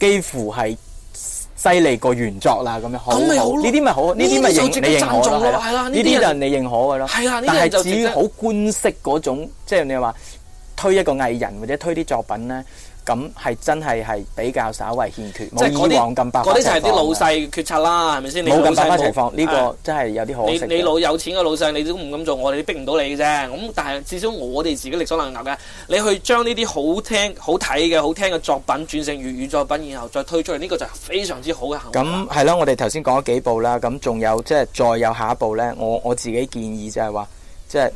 幾乎係。犀利過原作啦，咁樣好呢啲咪好？呢啲咪認的你認可啦，係啦，呢啲就係你認可㗎啦。係啦，但係至於好官式嗰種，即係你話推一個藝人或者推啲作品咧。咁係真係係比較稍微欠缺，即係嗰啲嗰啲就係啲老細嘅決策啦，係咪先？你冇咁百花齊放，呢個真係有啲可惜。你老有錢嘅老細，你都唔敢做，我哋逼唔到你嘅啫。咁但係至少我哋自己力所能及嘅，你去將呢啲好聽、好睇嘅好聽嘅作品轉成粵語作品，然後再推出嚟，呢、這個就係非常之好嘅行。咁係咯，我哋頭先講咗幾步啦，咁仲有即係、就是、再有下一步咧，我我自己建議就係話，即、就、係、是、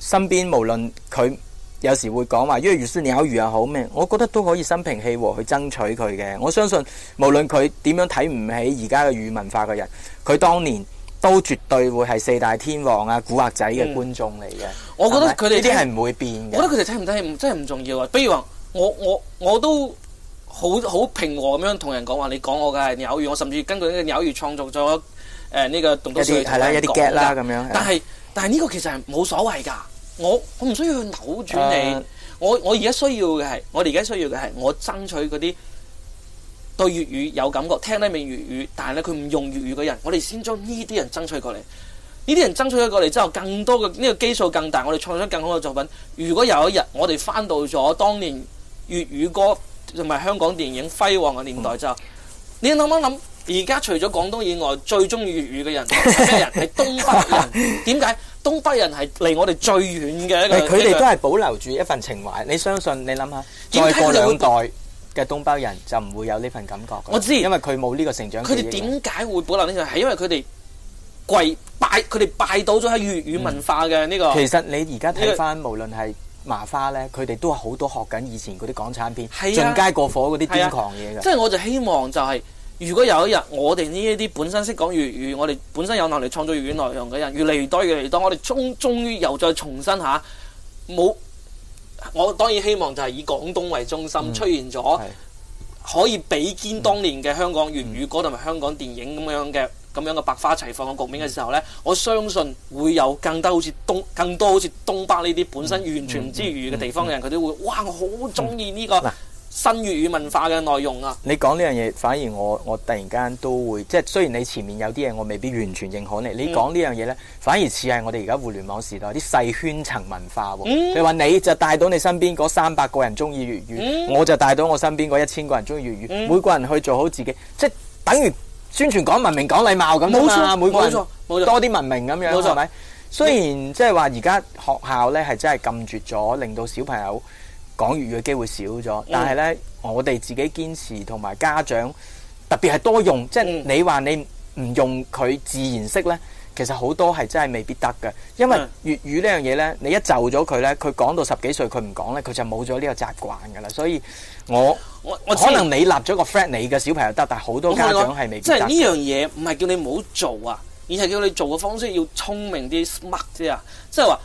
身邊無論佢。有時會講話，因為如蝨鳥語又好咩，我覺得都可以心平氣和去爭取佢嘅。我相信無論佢點樣睇唔起而家嘅粵文化嘅人，佢當年都絕對會係四大天王啊、古惑仔嘅觀眾嚟嘅、嗯。我覺得佢哋呢啲係唔會變嘅、嗯。我覺得佢哋睇唔睇唔真係唔重要啊。比如話，我我我都好好平和咁樣同人講話，你講我嘅係鳥語，我甚至根據呢個鳥語創作咗誒呢個動作點。有啲係啦是，有啲 get 啦咁樣。但係但係呢個其實係冇所謂㗎。我我唔需要去扭轉你，我我而家需要嘅係，我哋而家需要嘅係，我爭取嗰啲對粵語有感覺、聽得明粵語，但係咧佢唔用粵語嘅人，我哋先將呢啲人爭取過嚟，呢啲人爭取咗過嚟之後，更多嘅呢個基數更大，我哋創作更好嘅作品。如果有一日我哋翻到咗當年粵語歌同埋香港電影輝煌嘅年代之後，你諗一諗？而家除咗廣東以外，最中意粵語嘅人係咩人？係 東北人。點解東北人係離我哋最遠嘅一個？係佢哋都係保留住一份情懷。你相信？你諗下，再過兩代嘅東北人就唔會有呢份感覺。我知，因為佢冇呢個成長。佢哋點解會保留呢、這個？係因為佢哋跪拜，佢哋拜倒咗喺粵語文化嘅呢、嗯這個。其實你而家睇翻，這個、無論係麻花咧，佢哋都係好多學緊以前嗰啲港產片，進、啊、階過火嗰啲瘋狂嘢㗎。即係、啊就是、我就希望就係、是。如果有一日我哋呢一啲本身識講粵語，我哋本身有能力創造粵語內容嘅人越嚟越多、越嚟越多，我哋終終於又再重新嚇冇，我當然希望就係以廣東為中心、嗯、出現咗可以比肩當年嘅香港粵語歌同埋香港電影咁樣嘅咁樣嘅百花齊放嘅局面嘅時候咧，嗯、我相信會有更多好似東更多好似東北呢啲本身完全唔知粵語嘅地方嘅人，佢哋會哇！我好中意呢個。嗯新粵語文化嘅內容啊！你講呢樣嘢，反而我我突然間都會，即係雖然你前面有啲嘢我未必完全認可你。你講呢樣嘢呢反而似係我哋而家互聯網時代啲細圈層文化喎。譬如話，你就帶到你身邊嗰三百個人中意粵語，我就帶到我身邊嗰一千個人中意粵語。每個人去做好自己，即等於宣傳講文明講禮貌咁。冇錯冇錯冇錯，多啲文明咁樣，冇錯，係咪？雖然即係話而家學校呢係真係禁絕咗，令到小朋友。講粵語嘅機會少咗，但係咧，嗯、我哋自己堅持同埋家長，特別係多用，即係你話你唔用佢自然識咧，其實好多係真係未必得嘅，因為粵語呢樣嘢咧，你一就咗佢咧，佢講到十幾歲佢唔講咧，佢就冇咗呢個習慣噶啦，所以我我我可能你立咗個 friend，你嘅小朋友得，但係好多家長係未必得。即係呢樣嘢唔係叫你唔好做啊，而係叫你做嘅方式要聰明啲、smart 啫啊，即係話。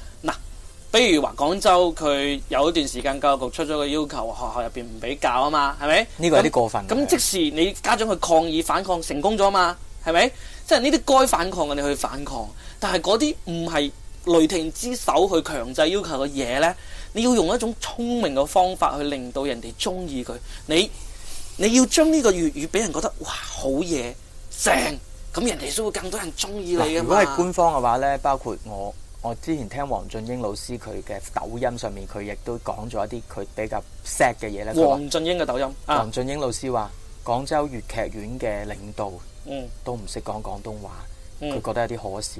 比如話廣州佢有一段時間教育局出咗個要求，學校入邊唔俾教啊嘛，係咪？呢個有啲過分。咁即使你家長去抗議反抗成功咗啊嘛，係咪？即係呢啲該反抗嘅你去反抗，但係嗰啲唔係雷霆之手去強制要求嘅嘢呢，你要用一種聰明嘅方法去令到人哋中意佢。你你要將呢個粵語俾人覺得哇好嘢正，咁人哋都會更多人中意你啊嘛。如果係官方嘅話呢，包括我。我之前聽黃俊英老師佢嘅抖音上面，佢亦都講咗一啲佢比較 sad 嘅嘢咧。黃俊英嘅抖音。黃俊英老師話：廣、啊、州粵劇院嘅領導都唔識講廣東話，佢、嗯、覺得有啲可笑。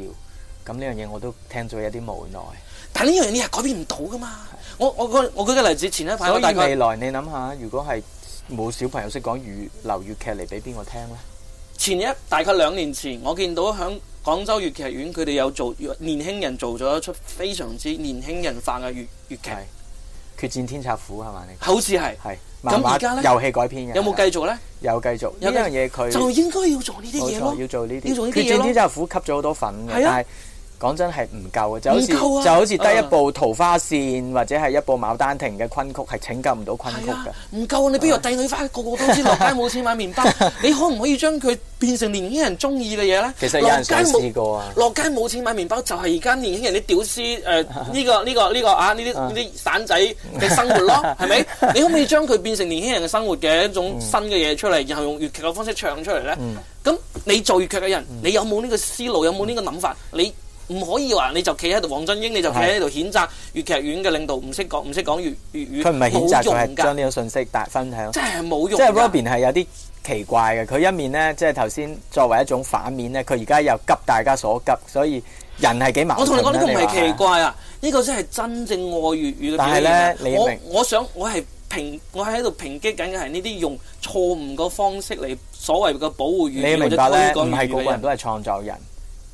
咁呢樣嘢我都聽咗有啲無奈。但呢樣嘢你係改變唔到噶嘛？是我我我，我舉個例子，前一排我大概。所以未來你諗下，如果係冇小朋友識講粵流粵劇嚟俾邊個聽咧？前一，大概兩年前，我見到響。廣州粵劇院佢哋有做年輕人做咗一出非常之年輕人化嘅粵粵劇，《決戰天策府》係嘛？好似係係。咁而家咧，慢慢遊戲改編嘅有冇繼續咧？有繼續，有一樣嘢，佢就應該要做呢啲嘢咯。要做呢啲，要做呢啲嘢咯。《決戰天策府》吸咗好多粉嘅，係啊的。但係講真係唔夠啊！就好似就好似得一部《桃花扇》或者係一部《牡丹亭》嘅昆曲，係拯救唔到昆曲嘅。唔夠啊！你邊個帝女花？個個都知落街冇錢買麵包，你可唔可以將佢變成年輕人中意嘅嘢咧？其實有人試過啊！落街冇錢買麵包，就係而家年輕人啲屌絲誒呢個呢個呢個啊呢啲呢啲散仔嘅生活咯，係咪？你可唔可以將佢變成年輕人嘅生活嘅一種新嘅嘢出嚟，然後用粵劇嘅方式唱出嚟咧？咁你做粵劇嘅人，你有冇呢個思路？有冇呢個諗法？你唔可以話你就企喺度，黃振英你就企喺度譴責粵劇院嘅領導唔識講唔識講粵粵語。佢唔係譴責，仲係將呢種信息大分享。即係冇用。即係 Robin 係有啲奇怪嘅，佢一面咧，即係頭先作為一種反面咧，佢而家又急大家所急，所以人係幾麻煩。我同你講呢個唔係奇怪啊，呢個真係真正愛粵語。但係咧，我你我，我想我係評，我係喺度抨擊緊嘅係呢啲用錯誤嘅方式嚟所謂嘅保護粵語。你明白咧？唔係個個人都係創造人。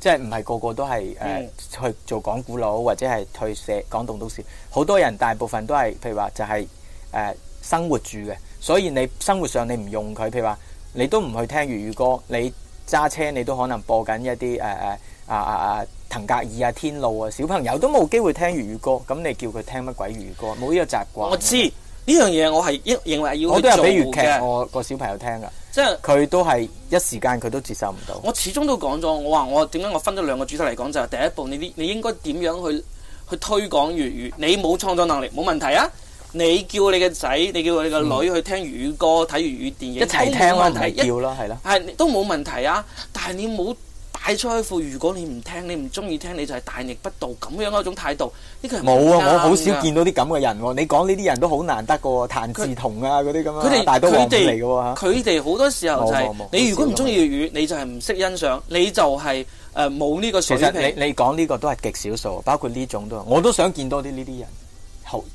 即係唔係個個都係誒、呃、去做講古佬或者係退社港動都市，好多人大部分都係譬如話就係、是、誒、呃、生活住嘅，所以你生活上你唔用佢，譬如話你都唔去聽粵語歌，你揸車你都可能播緊一啲誒誒啊啊啊騰格爾啊天路啊，小朋友都冇機會聽粵語歌，咁你叫佢聽乜鬼粵語歌，冇呢個習慣。我知。呢樣嘢我係一認為係要畀粵劇，我個小朋友聽噶，即係佢都係一時間佢都接受唔到。我始終都講咗，我話我點解我分咗兩個主題嚟講，就係、是、第一步，你啲你應該點樣去去推廣粵語？你冇創作能力冇問題啊！你叫你嘅仔，你叫你個女去聽粵語歌、睇粵語電影，一齊聽咯、啊，問題一要叫咯，係咯，係都冇問題啊！但係你冇。太出一副如果你唔聽，你唔中意聽，你就係大逆不道咁樣嗰種態度。呢個人冇啊！我好少見到啲咁嘅人喎、啊。你講呢啲人都好難得，個譚志同啊嗰啲咁樣大都王嚟嘅喎。佢哋好多時候就係、是、你如果唔中意粵語，你就係唔識欣賞，你就係誒冇呢個水平。其實你你講呢個都係極少數，包括呢種都，我都想見多啲呢啲人。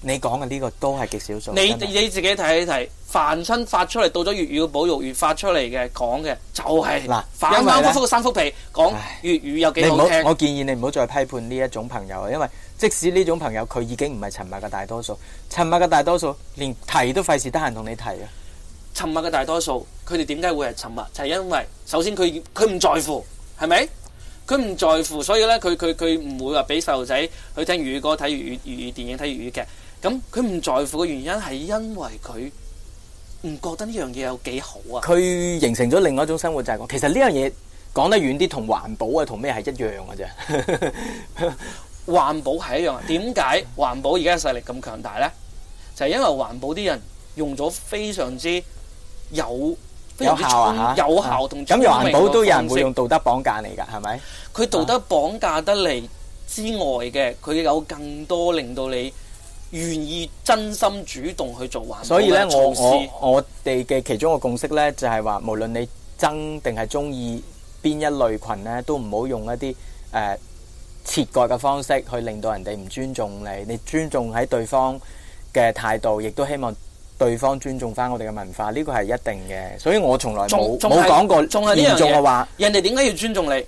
你講嘅呢個都係極少數。你的你自己睇一睇，凡親發出嚟到咗粵語嘅保育，越發出嚟嘅講嘅就係、是、嗱，翻翻覆覆嗰三幅被講粵語有幾好聽。我建議你唔好再批判呢一種朋友，因為即使呢種朋友佢已經唔係沉默嘅大多數，沉默嘅大多數連提都費事得閒同你提啊！沉默嘅大多數，佢哋點解會係沉默？就係、是、因為首先佢佢唔在乎，係咪？佢唔在乎，所以咧，佢佢佢唔會話俾細路仔去聽粵語歌、睇粵語粵語電影、睇粵語劇。咁佢唔在乎嘅原因係因為佢唔覺得呢樣嘢有幾好啊。佢形成咗另外一種生活就係講，其實呢樣嘢講得遠啲，同環保啊同咩係一樣嘅啫。環保係一樣啊？點 解環保而家勢力咁強大咧？就係因為環保啲人用咗非常之有。有效啊！有效同咁環保都有人會用道德綁架嚟㗎，係咪？佢道德綁架得嚟之外嘅，佢有更多令到你願意真心主動去做環保。所以咧，我我我哋嘅其中一個共識咧，就係話無論你憎定係中意邊一類群咧，都唔好用一啲誒切割嘅方式去令到人哋唔尊重你。你尊重喺對方嘅態度，亦都希望，對方尊重翻我哋嘅文化，呢個係一定嘅，所以我從來冇冇講過嚴重嘅話。人哋點解要尊重你？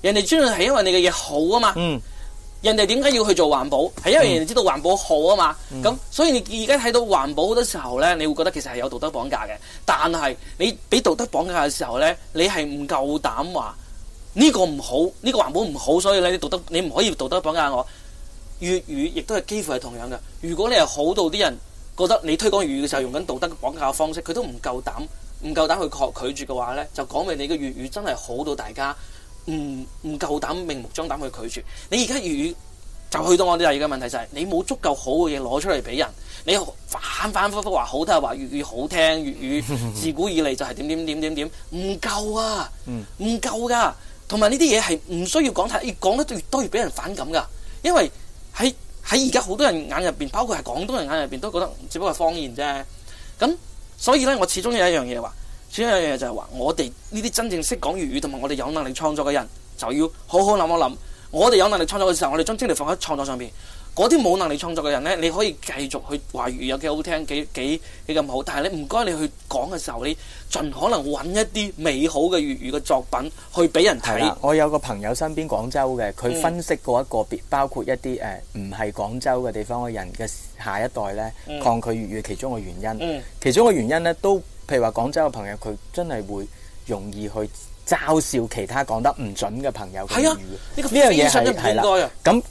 人哋尊重係因為你嘅嘢好啊嘛。嗯。人哋點解要去做環保？係因為人哋知道環保好啊嘛。咁，嗯，所以你而家睇到環保好多時候呢，你會覺得其實係有道德綁架嘅。但係你俾道德綁架嘅時候呢，你係唔夠膽話呢個唔好，呢、呢個環保唔好，所以你道德你唔可以道德綁架我。粵語亦都係幾乎係同樣嘅。如果你係好到啲人，覺得你推廣粵語嘅時候用緊道德綁架嘅方式，佢都唔夠膽，唔夠膽去拒拒絕嘅話呢就講明你嘅粵語真係好到大家，唔唔夠膽明目張膽去拒絕。你而家粵語就去到我哋第而家問題就係，你冇足夠好嘅嘢攞出嚟俾人，你反反覆覆話好都係話粵語好聽，粵語自古以嚟就係點點點點點，唔夠啊，唔夠㗎。同埋呢啲嘢係唔需要講太，越講得越多越俾人反感㗎，因為喺，喺而家好多人眼入邊，包括係廣東人眼入邊，都覺得只不過係方言啫。咁所以咧，我始終有一樣嘢話，始終有一樣嘢就係話，我哋呢啲真正識講粵語同埋我哋有能力創作嘅人，就要好好諗一諗。我哋有能力創作嘅時候，我哋將精力放喺創作上邊。嗰啲冇能力創作嘅人呢，你可以繼續去話粵語有幾好聽，幾幾幾咁好，但係你唔該，你去講嘅時候，你盡可能揾一啲美好嘅粵語嘅作品去俾人睇。係啦，我有個朋友身邊廣州嘅，佢分析過一個別，包括一啲誒唔係廣州嘅地方嘅人嘅下一代呢，抗拒粵語嘅其中嘅原因。嗯嗯、其中嘅原因呢，都譬如話廣州嘅朋友，佢真係會容易去嘲笑其他講得唔準嘅朋友嘅粵呢樣嘢係應該啊。咁了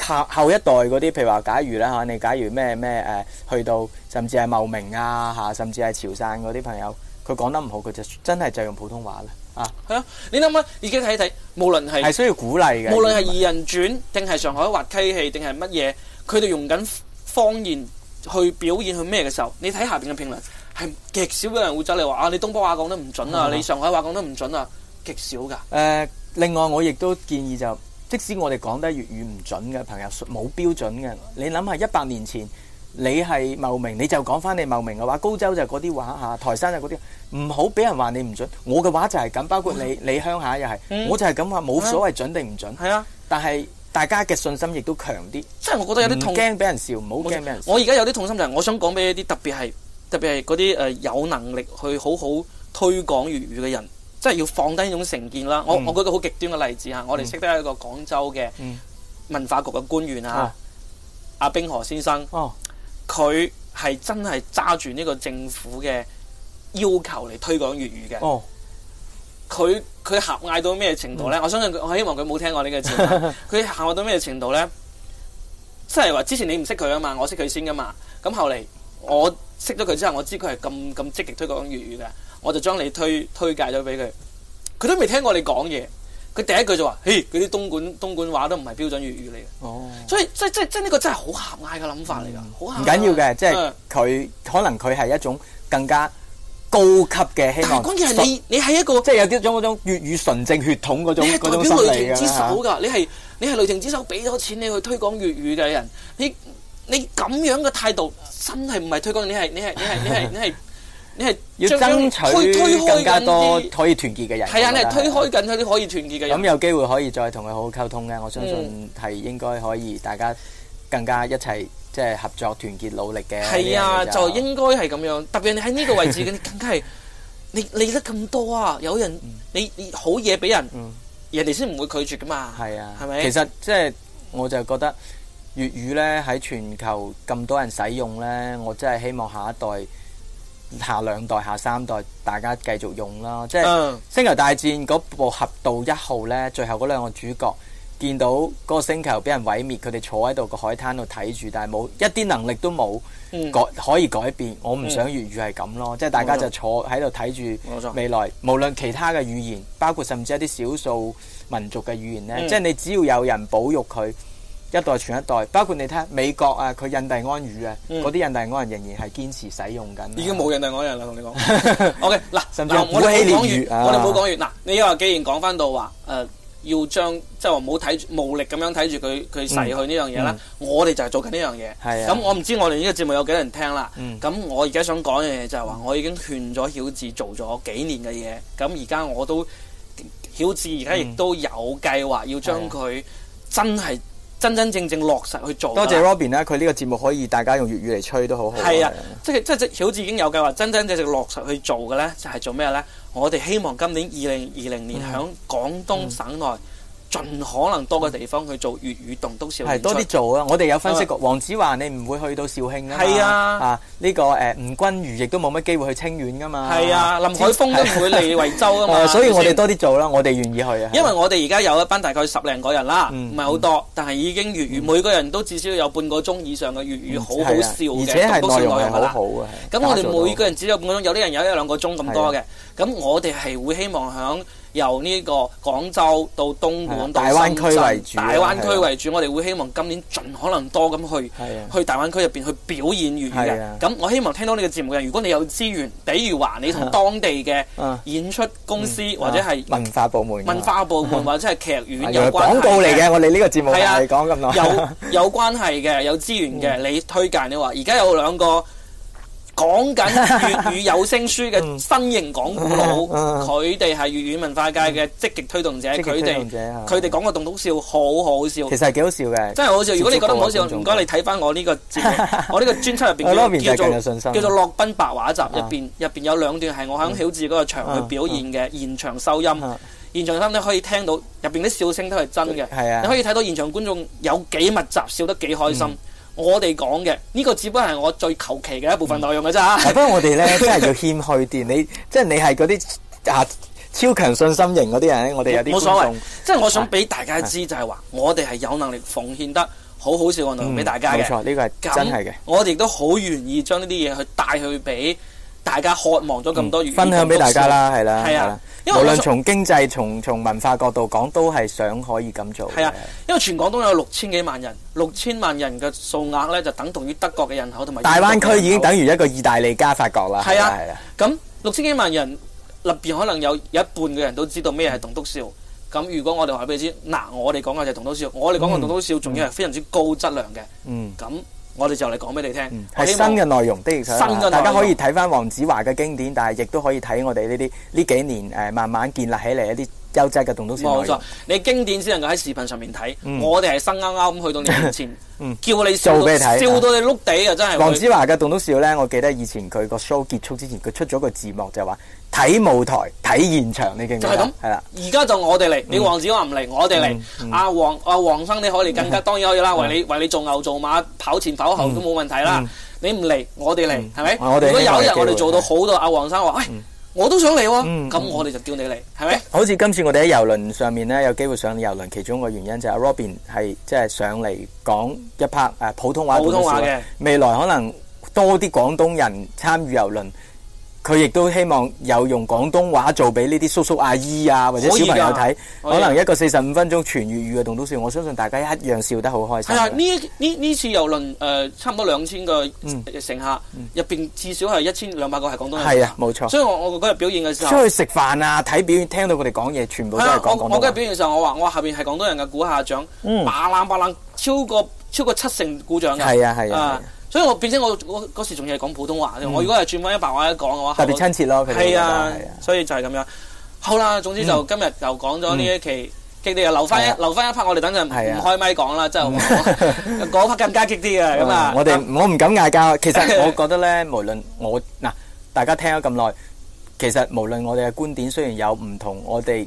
靠後一代嗰啲，譬如話，假如啦嚇、啊，你假如咩咩誒，去到、啊、甚至係茂名啊嚇、啊，甚至係潮汕嗰啲朋友，佢講得唔好，佢就真係就用普通話啦。啊，係啊，你諗下，你而家睇睇，無論係係需要鼓勵嘅，無論係二人轉定係上海滑稽戲定係乜嘢，佢哋用緊方言去表演去咩嘅時候，你睇下邊嘅評論係極少有人會走嚟話啊，你東北話講得唔準啊，啊你上海話講得唔準啊，極少噶。誒、呃，另外我亦都建議就。即使我哋講得粵語唔準嘅朋友，冇標準嘅。你諗下，一百年前你係茂名，你就講翻你茂名嘅話；高州就嗰啲話嚇，台山就嗰啲。唔好俾人話你唔準。我嘅話就係咁，包括你，想你鄉下又係，嗯、我就係咁話，冇所謂準定唔準。係啊、嗯。但係大家嘅信心亦都強啲。即係我覺得有啲痛。唔驚俾人笑，唔好驚俾人。我而家有啲痛心就係，我想講俾一啲特別係特別係嗰啲誒有能力去好好推廣粵語嘅人。即係要放低呢種成見啦，嗯、我我舉個好極端嘅例子嚇，嗯、我哋識得一個廣州嘅文化局嘅官員啊，阿、啊啊、冰河先生，佢係、哦、真係揸住呢個政府嘅要求嚟推廣粵語嘅，佢佢狹隘到咩程度咧？嗯、我相信佢，我希望佢冇聽過呢個詞。佢狹隘到咩程度咧？即係話之前你唔識佢啊嘛，我識佢先噶嘛，咁後嚟我識咗佢之後，我知佢係咁咁積極推廣粵語嘅。我就將你推推介咗俾佢，佢都未聽過你講嘢，佢第一句就話：嘿，嗰啲東莞東莞話都唔係標準粵語嚟嘅。哦，所以所以即係即係呢個真係好狹隘嘅諗法嚟㗎，好唔緊要嘅，即係佢可能佢係一種更加高級嘅希望。但係關鍵係你你係一個即係有啲種嗰種粵語純正血統嗰種嗰你係你係雷霆之手㗎，你係你係雷霆之手，俾咗錢你去推廣粵語嘅人，你你咁樣嘅態度真係唔係推廣，你係你係你係你係你係。你係要爭取更加多可以團結嘅人，係啊，啊，你係推開緊嗰啲可以團結嘅人。咁有機會可以再同佢好好溝通嘅，我相信係、嗯、應該可以大家更加一齊即係合作團結努力嘅。係啊，就是、就應該係咁樣。特別你喺呢個位置嘅， 你更加係你理得咁多啊！有人你，你好嘢俾人，嗯、人哋先唔會拒絕㗎嘛。係啊，係咪？其實即係、就是、我就覺得粵語咧喺全球咁多人使用咧，我真係希望下一代。下兩代、下三代，大家繼續用啦。即係《嗯、星球大戰》嗰部《俠盜一號》呢，最後嗰兩個主角見到個星球俾人毀滅，佢哋坐喺度個海灘度睇住，但係冇一啲能力都冇改、嗯、可,可以改變。我唔想粵語係咁咯，嗯、即係大家就坐喺度睇住未來，嗯、無論其他嘅語言，包括甚至一啲少數民族嘅語言呢，嗯嗯、即係你只要有人保育佢。一代傳一代，包括你睇美國啊，佢印第安語啊，嗰啲印第安人仍然係堅持使用緊。已經冇印第安人啦，同你講。O K，嗱，唔好講完，我哋唔好講完。嗱，你又既然講翻到話，誒，要將即係話冇睇無力咁樣睇住佢佢逝去呢樣嘢啦，我哋就係做緊呢樣嘢。係咁我唔知我哋呢個節目有幾多人聽啦。嗯。咁我而家想講嘅嘢就係話，我已經勸咗曉智做咗幾年嘅嘢，咁而家我都曉智而家亦都有計劃要將佢真係。真真正正落實去做。多謝 Robin 啦，啊，佢呢個節目可以大家用粵語嚟吹都好好。係啊，啊即係即係好似已經有計劃，真真正正落實去做嘅呢，就係、是、做咩呢？我哋希望今年二零二零年響廣東省內、嗯。嗯盡可能多個地方去做粵語棟篤笑，係多啲做啊！我哋有分析過，黃子華你唔會去到肇慶㗎嘛？係啊！啊，呢個誒吳君如亦都冇乜機會去清遠㗎嘛？係啊！林海峰都唔會嚟惠州㗎嘛？所以，我哋多啲做啦，我哋願意去啊。因為我哋而家有一班大概十零個人啦，唔係好多，但係已經粵語每個人都至少有半個鐘以上嘅粵語好好笑嘅棟篤笑內容啦。好啊。咁我哋每個人只有半個鐘，有啲人有一兩個鐘咁多嘅。咁我哋係會希望響，由呢個廣州到東莞的到深圳，大灣區為主。大灣區為主，我哋會希望今年盡可能多咁去，的去大灣區入邊去表演完嘅。咁的我希望聽到呢個節目嘅人，如果你有資源，比如話你同當地嘅演出公司的或者係文化部門、文化部門或者係劇院有關 廣告嚟嘅，我哋呢個節目係講咁耐，有有關係嘅，有資源嘅，嗯、你推介你話而家有兩個。講緊粵語有聲書嘅新型講古佬，佢哋係粵語文化界嘅積極推動者，佢哋佢哋講個棟篤笑好好笑，其實係幾好笑嘅，真係好笑。如果你覺得唔好笑，唔該你睇翻我呢個節目我呢個專輯入邊叫做叫做《樂賓白話集》入邊，入邊有兩段係我喺曉治嗰個場去表演嘅現場收音，現場收音你可以聽到入邊啲笑聲都係真嘅，你可以睇到現場觀眾有幾密集，笑得幾開心。我哋講嘅呢個只不過係我最求其嘅一部分內容嘅咋。不過、嗯、 我哋咧真係要謙虛啲， 你即係你係嗰啲啊超強信心型嗰啲人咧，我哋有啲冇所謂。所謂即係我想俾大家知、啊啊、就係話，我哋係有能力奉獻得好好笑嘅內容俾大家嘅。冇錯、嗯，呢、這個係真係嘅。我哋都好願意將呢啲嘢去帶去俾。大家渴望咗咁多分享俾大家啦，係啦，無論從經濟從從文化角度講，都係想可以咁做。係啊，因為全廣東有六千幾萬人，六千萬人嘅數額咧，就等同於德國嘅人口同埋大灣區已經等於一個意大利加法國啦。係啊，係啊。咁六千幾萬人入邊，可能有一半嘅人都知道咩係棟篤笑。咁如果我哋話俾你知，嗱，我哋講嘅就係棟篤笑，我哋講嘅棟篤笑仲要係非常之高質量嘅。嗯。咁我哋就嚟講俾你聽，嗯，係新嘅內容，新嘅內容，亦係大家可以睇翻黃子華嘅經典，但係亦都可以睇我哋呢啲呢幾年誒、呃、慢慢建立起嚟一啲。有仔嘅棟篤笑。冇錯，你經典只能夠喺視頻上面睇，我哋係生勾勾咁去到你面前，叫你笑俾你睇，笑到你碌地啊！真係。黃子華嘅棟都笑咧，我記得以前佢個 show 結束之前，佢出咗個字幕就話：睇舞台，睇現場，你記得。就係咁，係啦。而家就我哋嚟，你黃子華唔嚟，我哋嚟。阿黃阿黃生，你可以更加當然可以啦，為你為你做牛做馬，跑前跑後都冇問題啦。你唔嚟，我哋嚟，係咪？如果有一日我哋做到好多，阿黃生話：，喂。我都想嚟喎、啊，咁、嗯、我哋就叫你嚟，係咪、嗯？吧好似今次我哋喺遊輪上面呢，有機會上遊輪，其中一個原因就係 Robin 係，即係、就是、上嚟講一拍誒普通話，普通話嘅未來可能多啲廣東人參與遊輪。佢亦都希望有用廣東話做俾呢啲叔叔阿姨啊，或者小朋友睇，可能一個四十五分鐘全粵語嘅棟篤笑，我相信大家一樣笑得好開心。係啊，呢呢呢次遊輪誒，差唔多兩千個乘客入邊，至少係一千兩百個係廣東人。係啊，冇錯。所以我我嗰日表演嘅時候，出去食飯啊，睇表演，聽到佢哋講嘢，全部都係講廣東話。我今日表演嘅時候，我話我下邊係廣東人嘅鼓下掌，哇冷哇冷，超過超過七成鼓掌嘅。係啊係啊。所以我變成我嗰時仲要係講普通話，我如果係轉翻一白話一講嘅話，特別親切咯。係啊，所以就係咁樣。好啦，總之就今日就講咗呢一期，激啲啊！留翻一留翻一 part，我哋等陣唔開咪講啦，真係好唔好？嗰 part 更加激啲啊。咁啊！我哋我唔敢嗌交，其實我覺得咧，無論我嗱大家聽咗咁耐，其實無論我哋嘅觀點雖然有唔同，我哋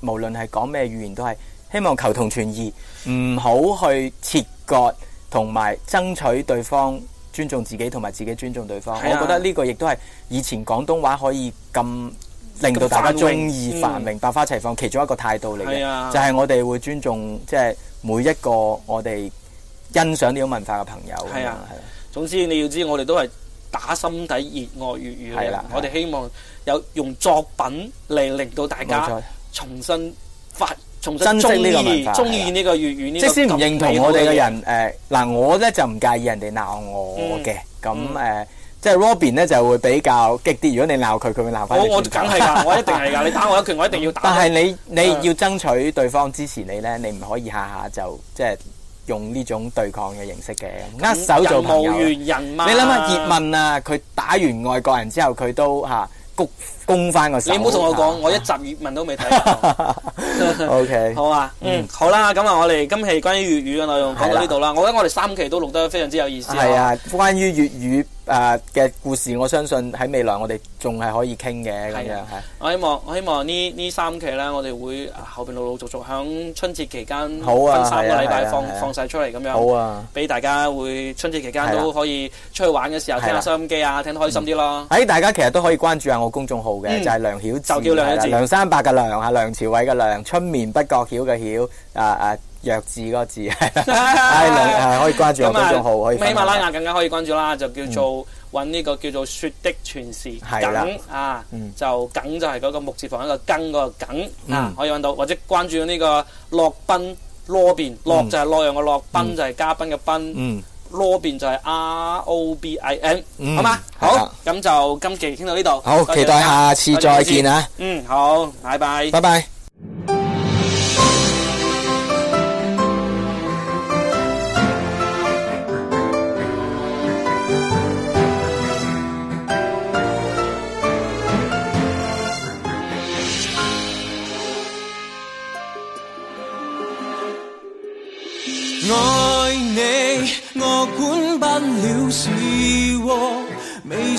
無論係講咩語言都係希望求同存異，唔好去切割。同埋爭取對方尊重自己，同埋自己尊重對方。啊、我覺得呢個亦都係以前廣東話可以咁令到大家鍾意繁榮、百花齊放其中一個態度嚟嘅。啊、就係我哋會尊重即係、就是、每一個我哋欣賞呢種文化嘅朋友。係啊，啊總之你要知，我哋都係打心底熱愛粵語嘅。啊啊、我哋希望有用作品嚟令到大家重新發。重拾呢個文化，鍾意呢個粵語，即係先唔認同我哋嘅人誒嗱，我咧就唔介意人哋鬧我嘅，咁誒，即係 Robin 咧就會比較激啲。如果你鬧佢，佢會鬧翻你。我，我梗係㗎，我一定係㗎，你打我一拳，我一定要打。但係你，你要爭取對方支持你咧，你唔可以下下就即係用呢種對抗嘅形式嘅，握手做朋友。你諗下葉問啊，佢打完外國人之後，佢都嚇鞠。供翻個你唔好同我講，我一集粵文都未睇。OK。好啊。嗯。好啦，咁啊，我哋今期關於粵語嘅內容講到呢度啦。我覺得我哋三期都錄得非常之有意思。係啊，關於粵語誒嘅故事，我相信喺未來我哋仲係可以傾嘅咁樣。係。我希望我希望呢呢三期咧，我哋會後邊陸陸續續響春節期間分三個禮拜放放曬出嚟咁樣，俾大家會春節期間都可以出去玩嘅時候聽下收音機啊，聽得開心啲咯。喺大家其實都可以關注下我公眾號。嗯、就係梁曉智，就叫梁山伯嘅梁啊，梁朝偉嘅梁，春眠不覺曉嘅曉，啊啊弱智嗰個字，係、 啊、可以關注我公眾號，可以喜馬拉雅更加可以關注啦，就叫做揾，呢個叫做雪的傳世梗啊，就梗就係嗰個木字旁一個根個梗啊，可以揾到，或者關注呢個洛賓羅邊，洛就係洛陽嘅洛賓，就係嘉賓嘅賓。羅便就係 R O B I N，好嗎？好，咁就今期傾到呢度。好，期待下次再見啊！嗯，好，拜拜。拜拜。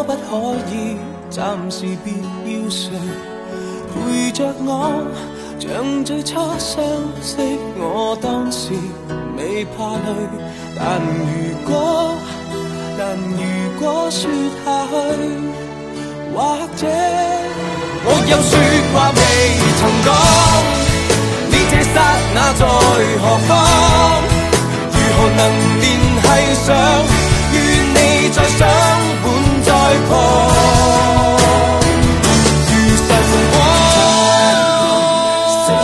可不可以暫時別要誰陪着我？像最初相識，我當時未怕累。但如果但如果説下去，或者我有説話未曾講，你這刹那在何方？如何能聯繫上？如晨光，星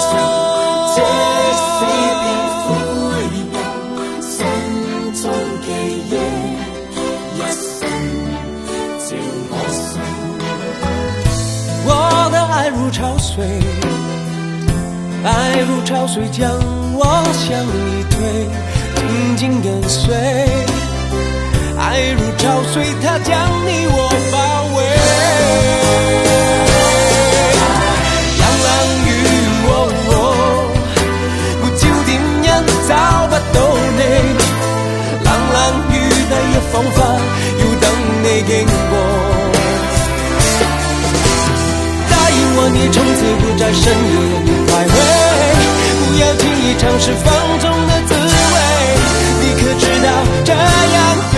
辰，即使變灰白，心中記憶，一生照我。我的愛如潮水，愛如潮水將我向你推，緊緊跟隨。愛如潮水，它將你我包圍。冷冷、啊、雨、哦哦，我，沒焦點因找不到你。冷冷雨滴，一芳花要等你經過。答應我，你從此不再深夜裏徘徊，不要輕易嘗試放縱的滋味。你可知道這樣？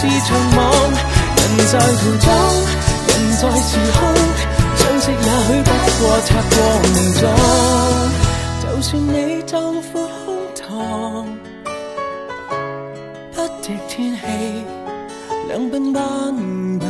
是長夢，人在途中，人在時空，相識也許不過擦過夢中。 就算你壯闊胸膛，不敵天氣兩鬢斑白。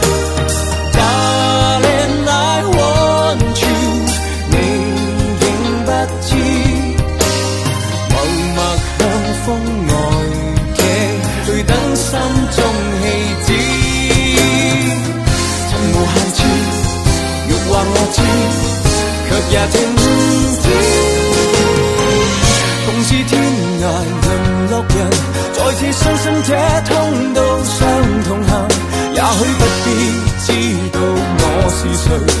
卻也聽見，同是天涯淪落人。再次相信這通道上同行，也許不必知道我是誰。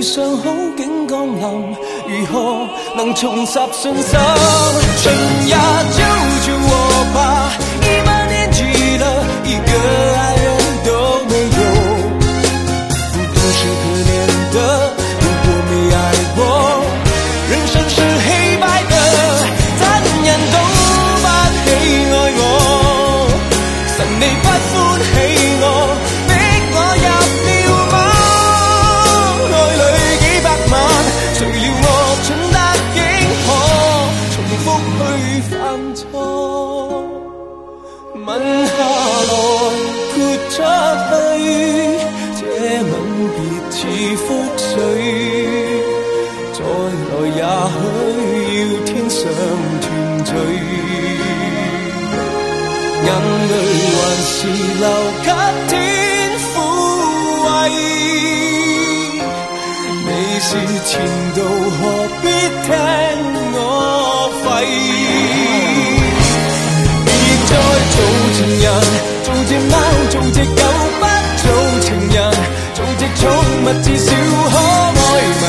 遇上好景降臨，如何能重拾信心？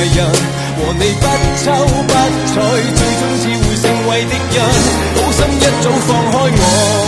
和你不瞅不睬，最終只會成為敵人。好心一早放開我。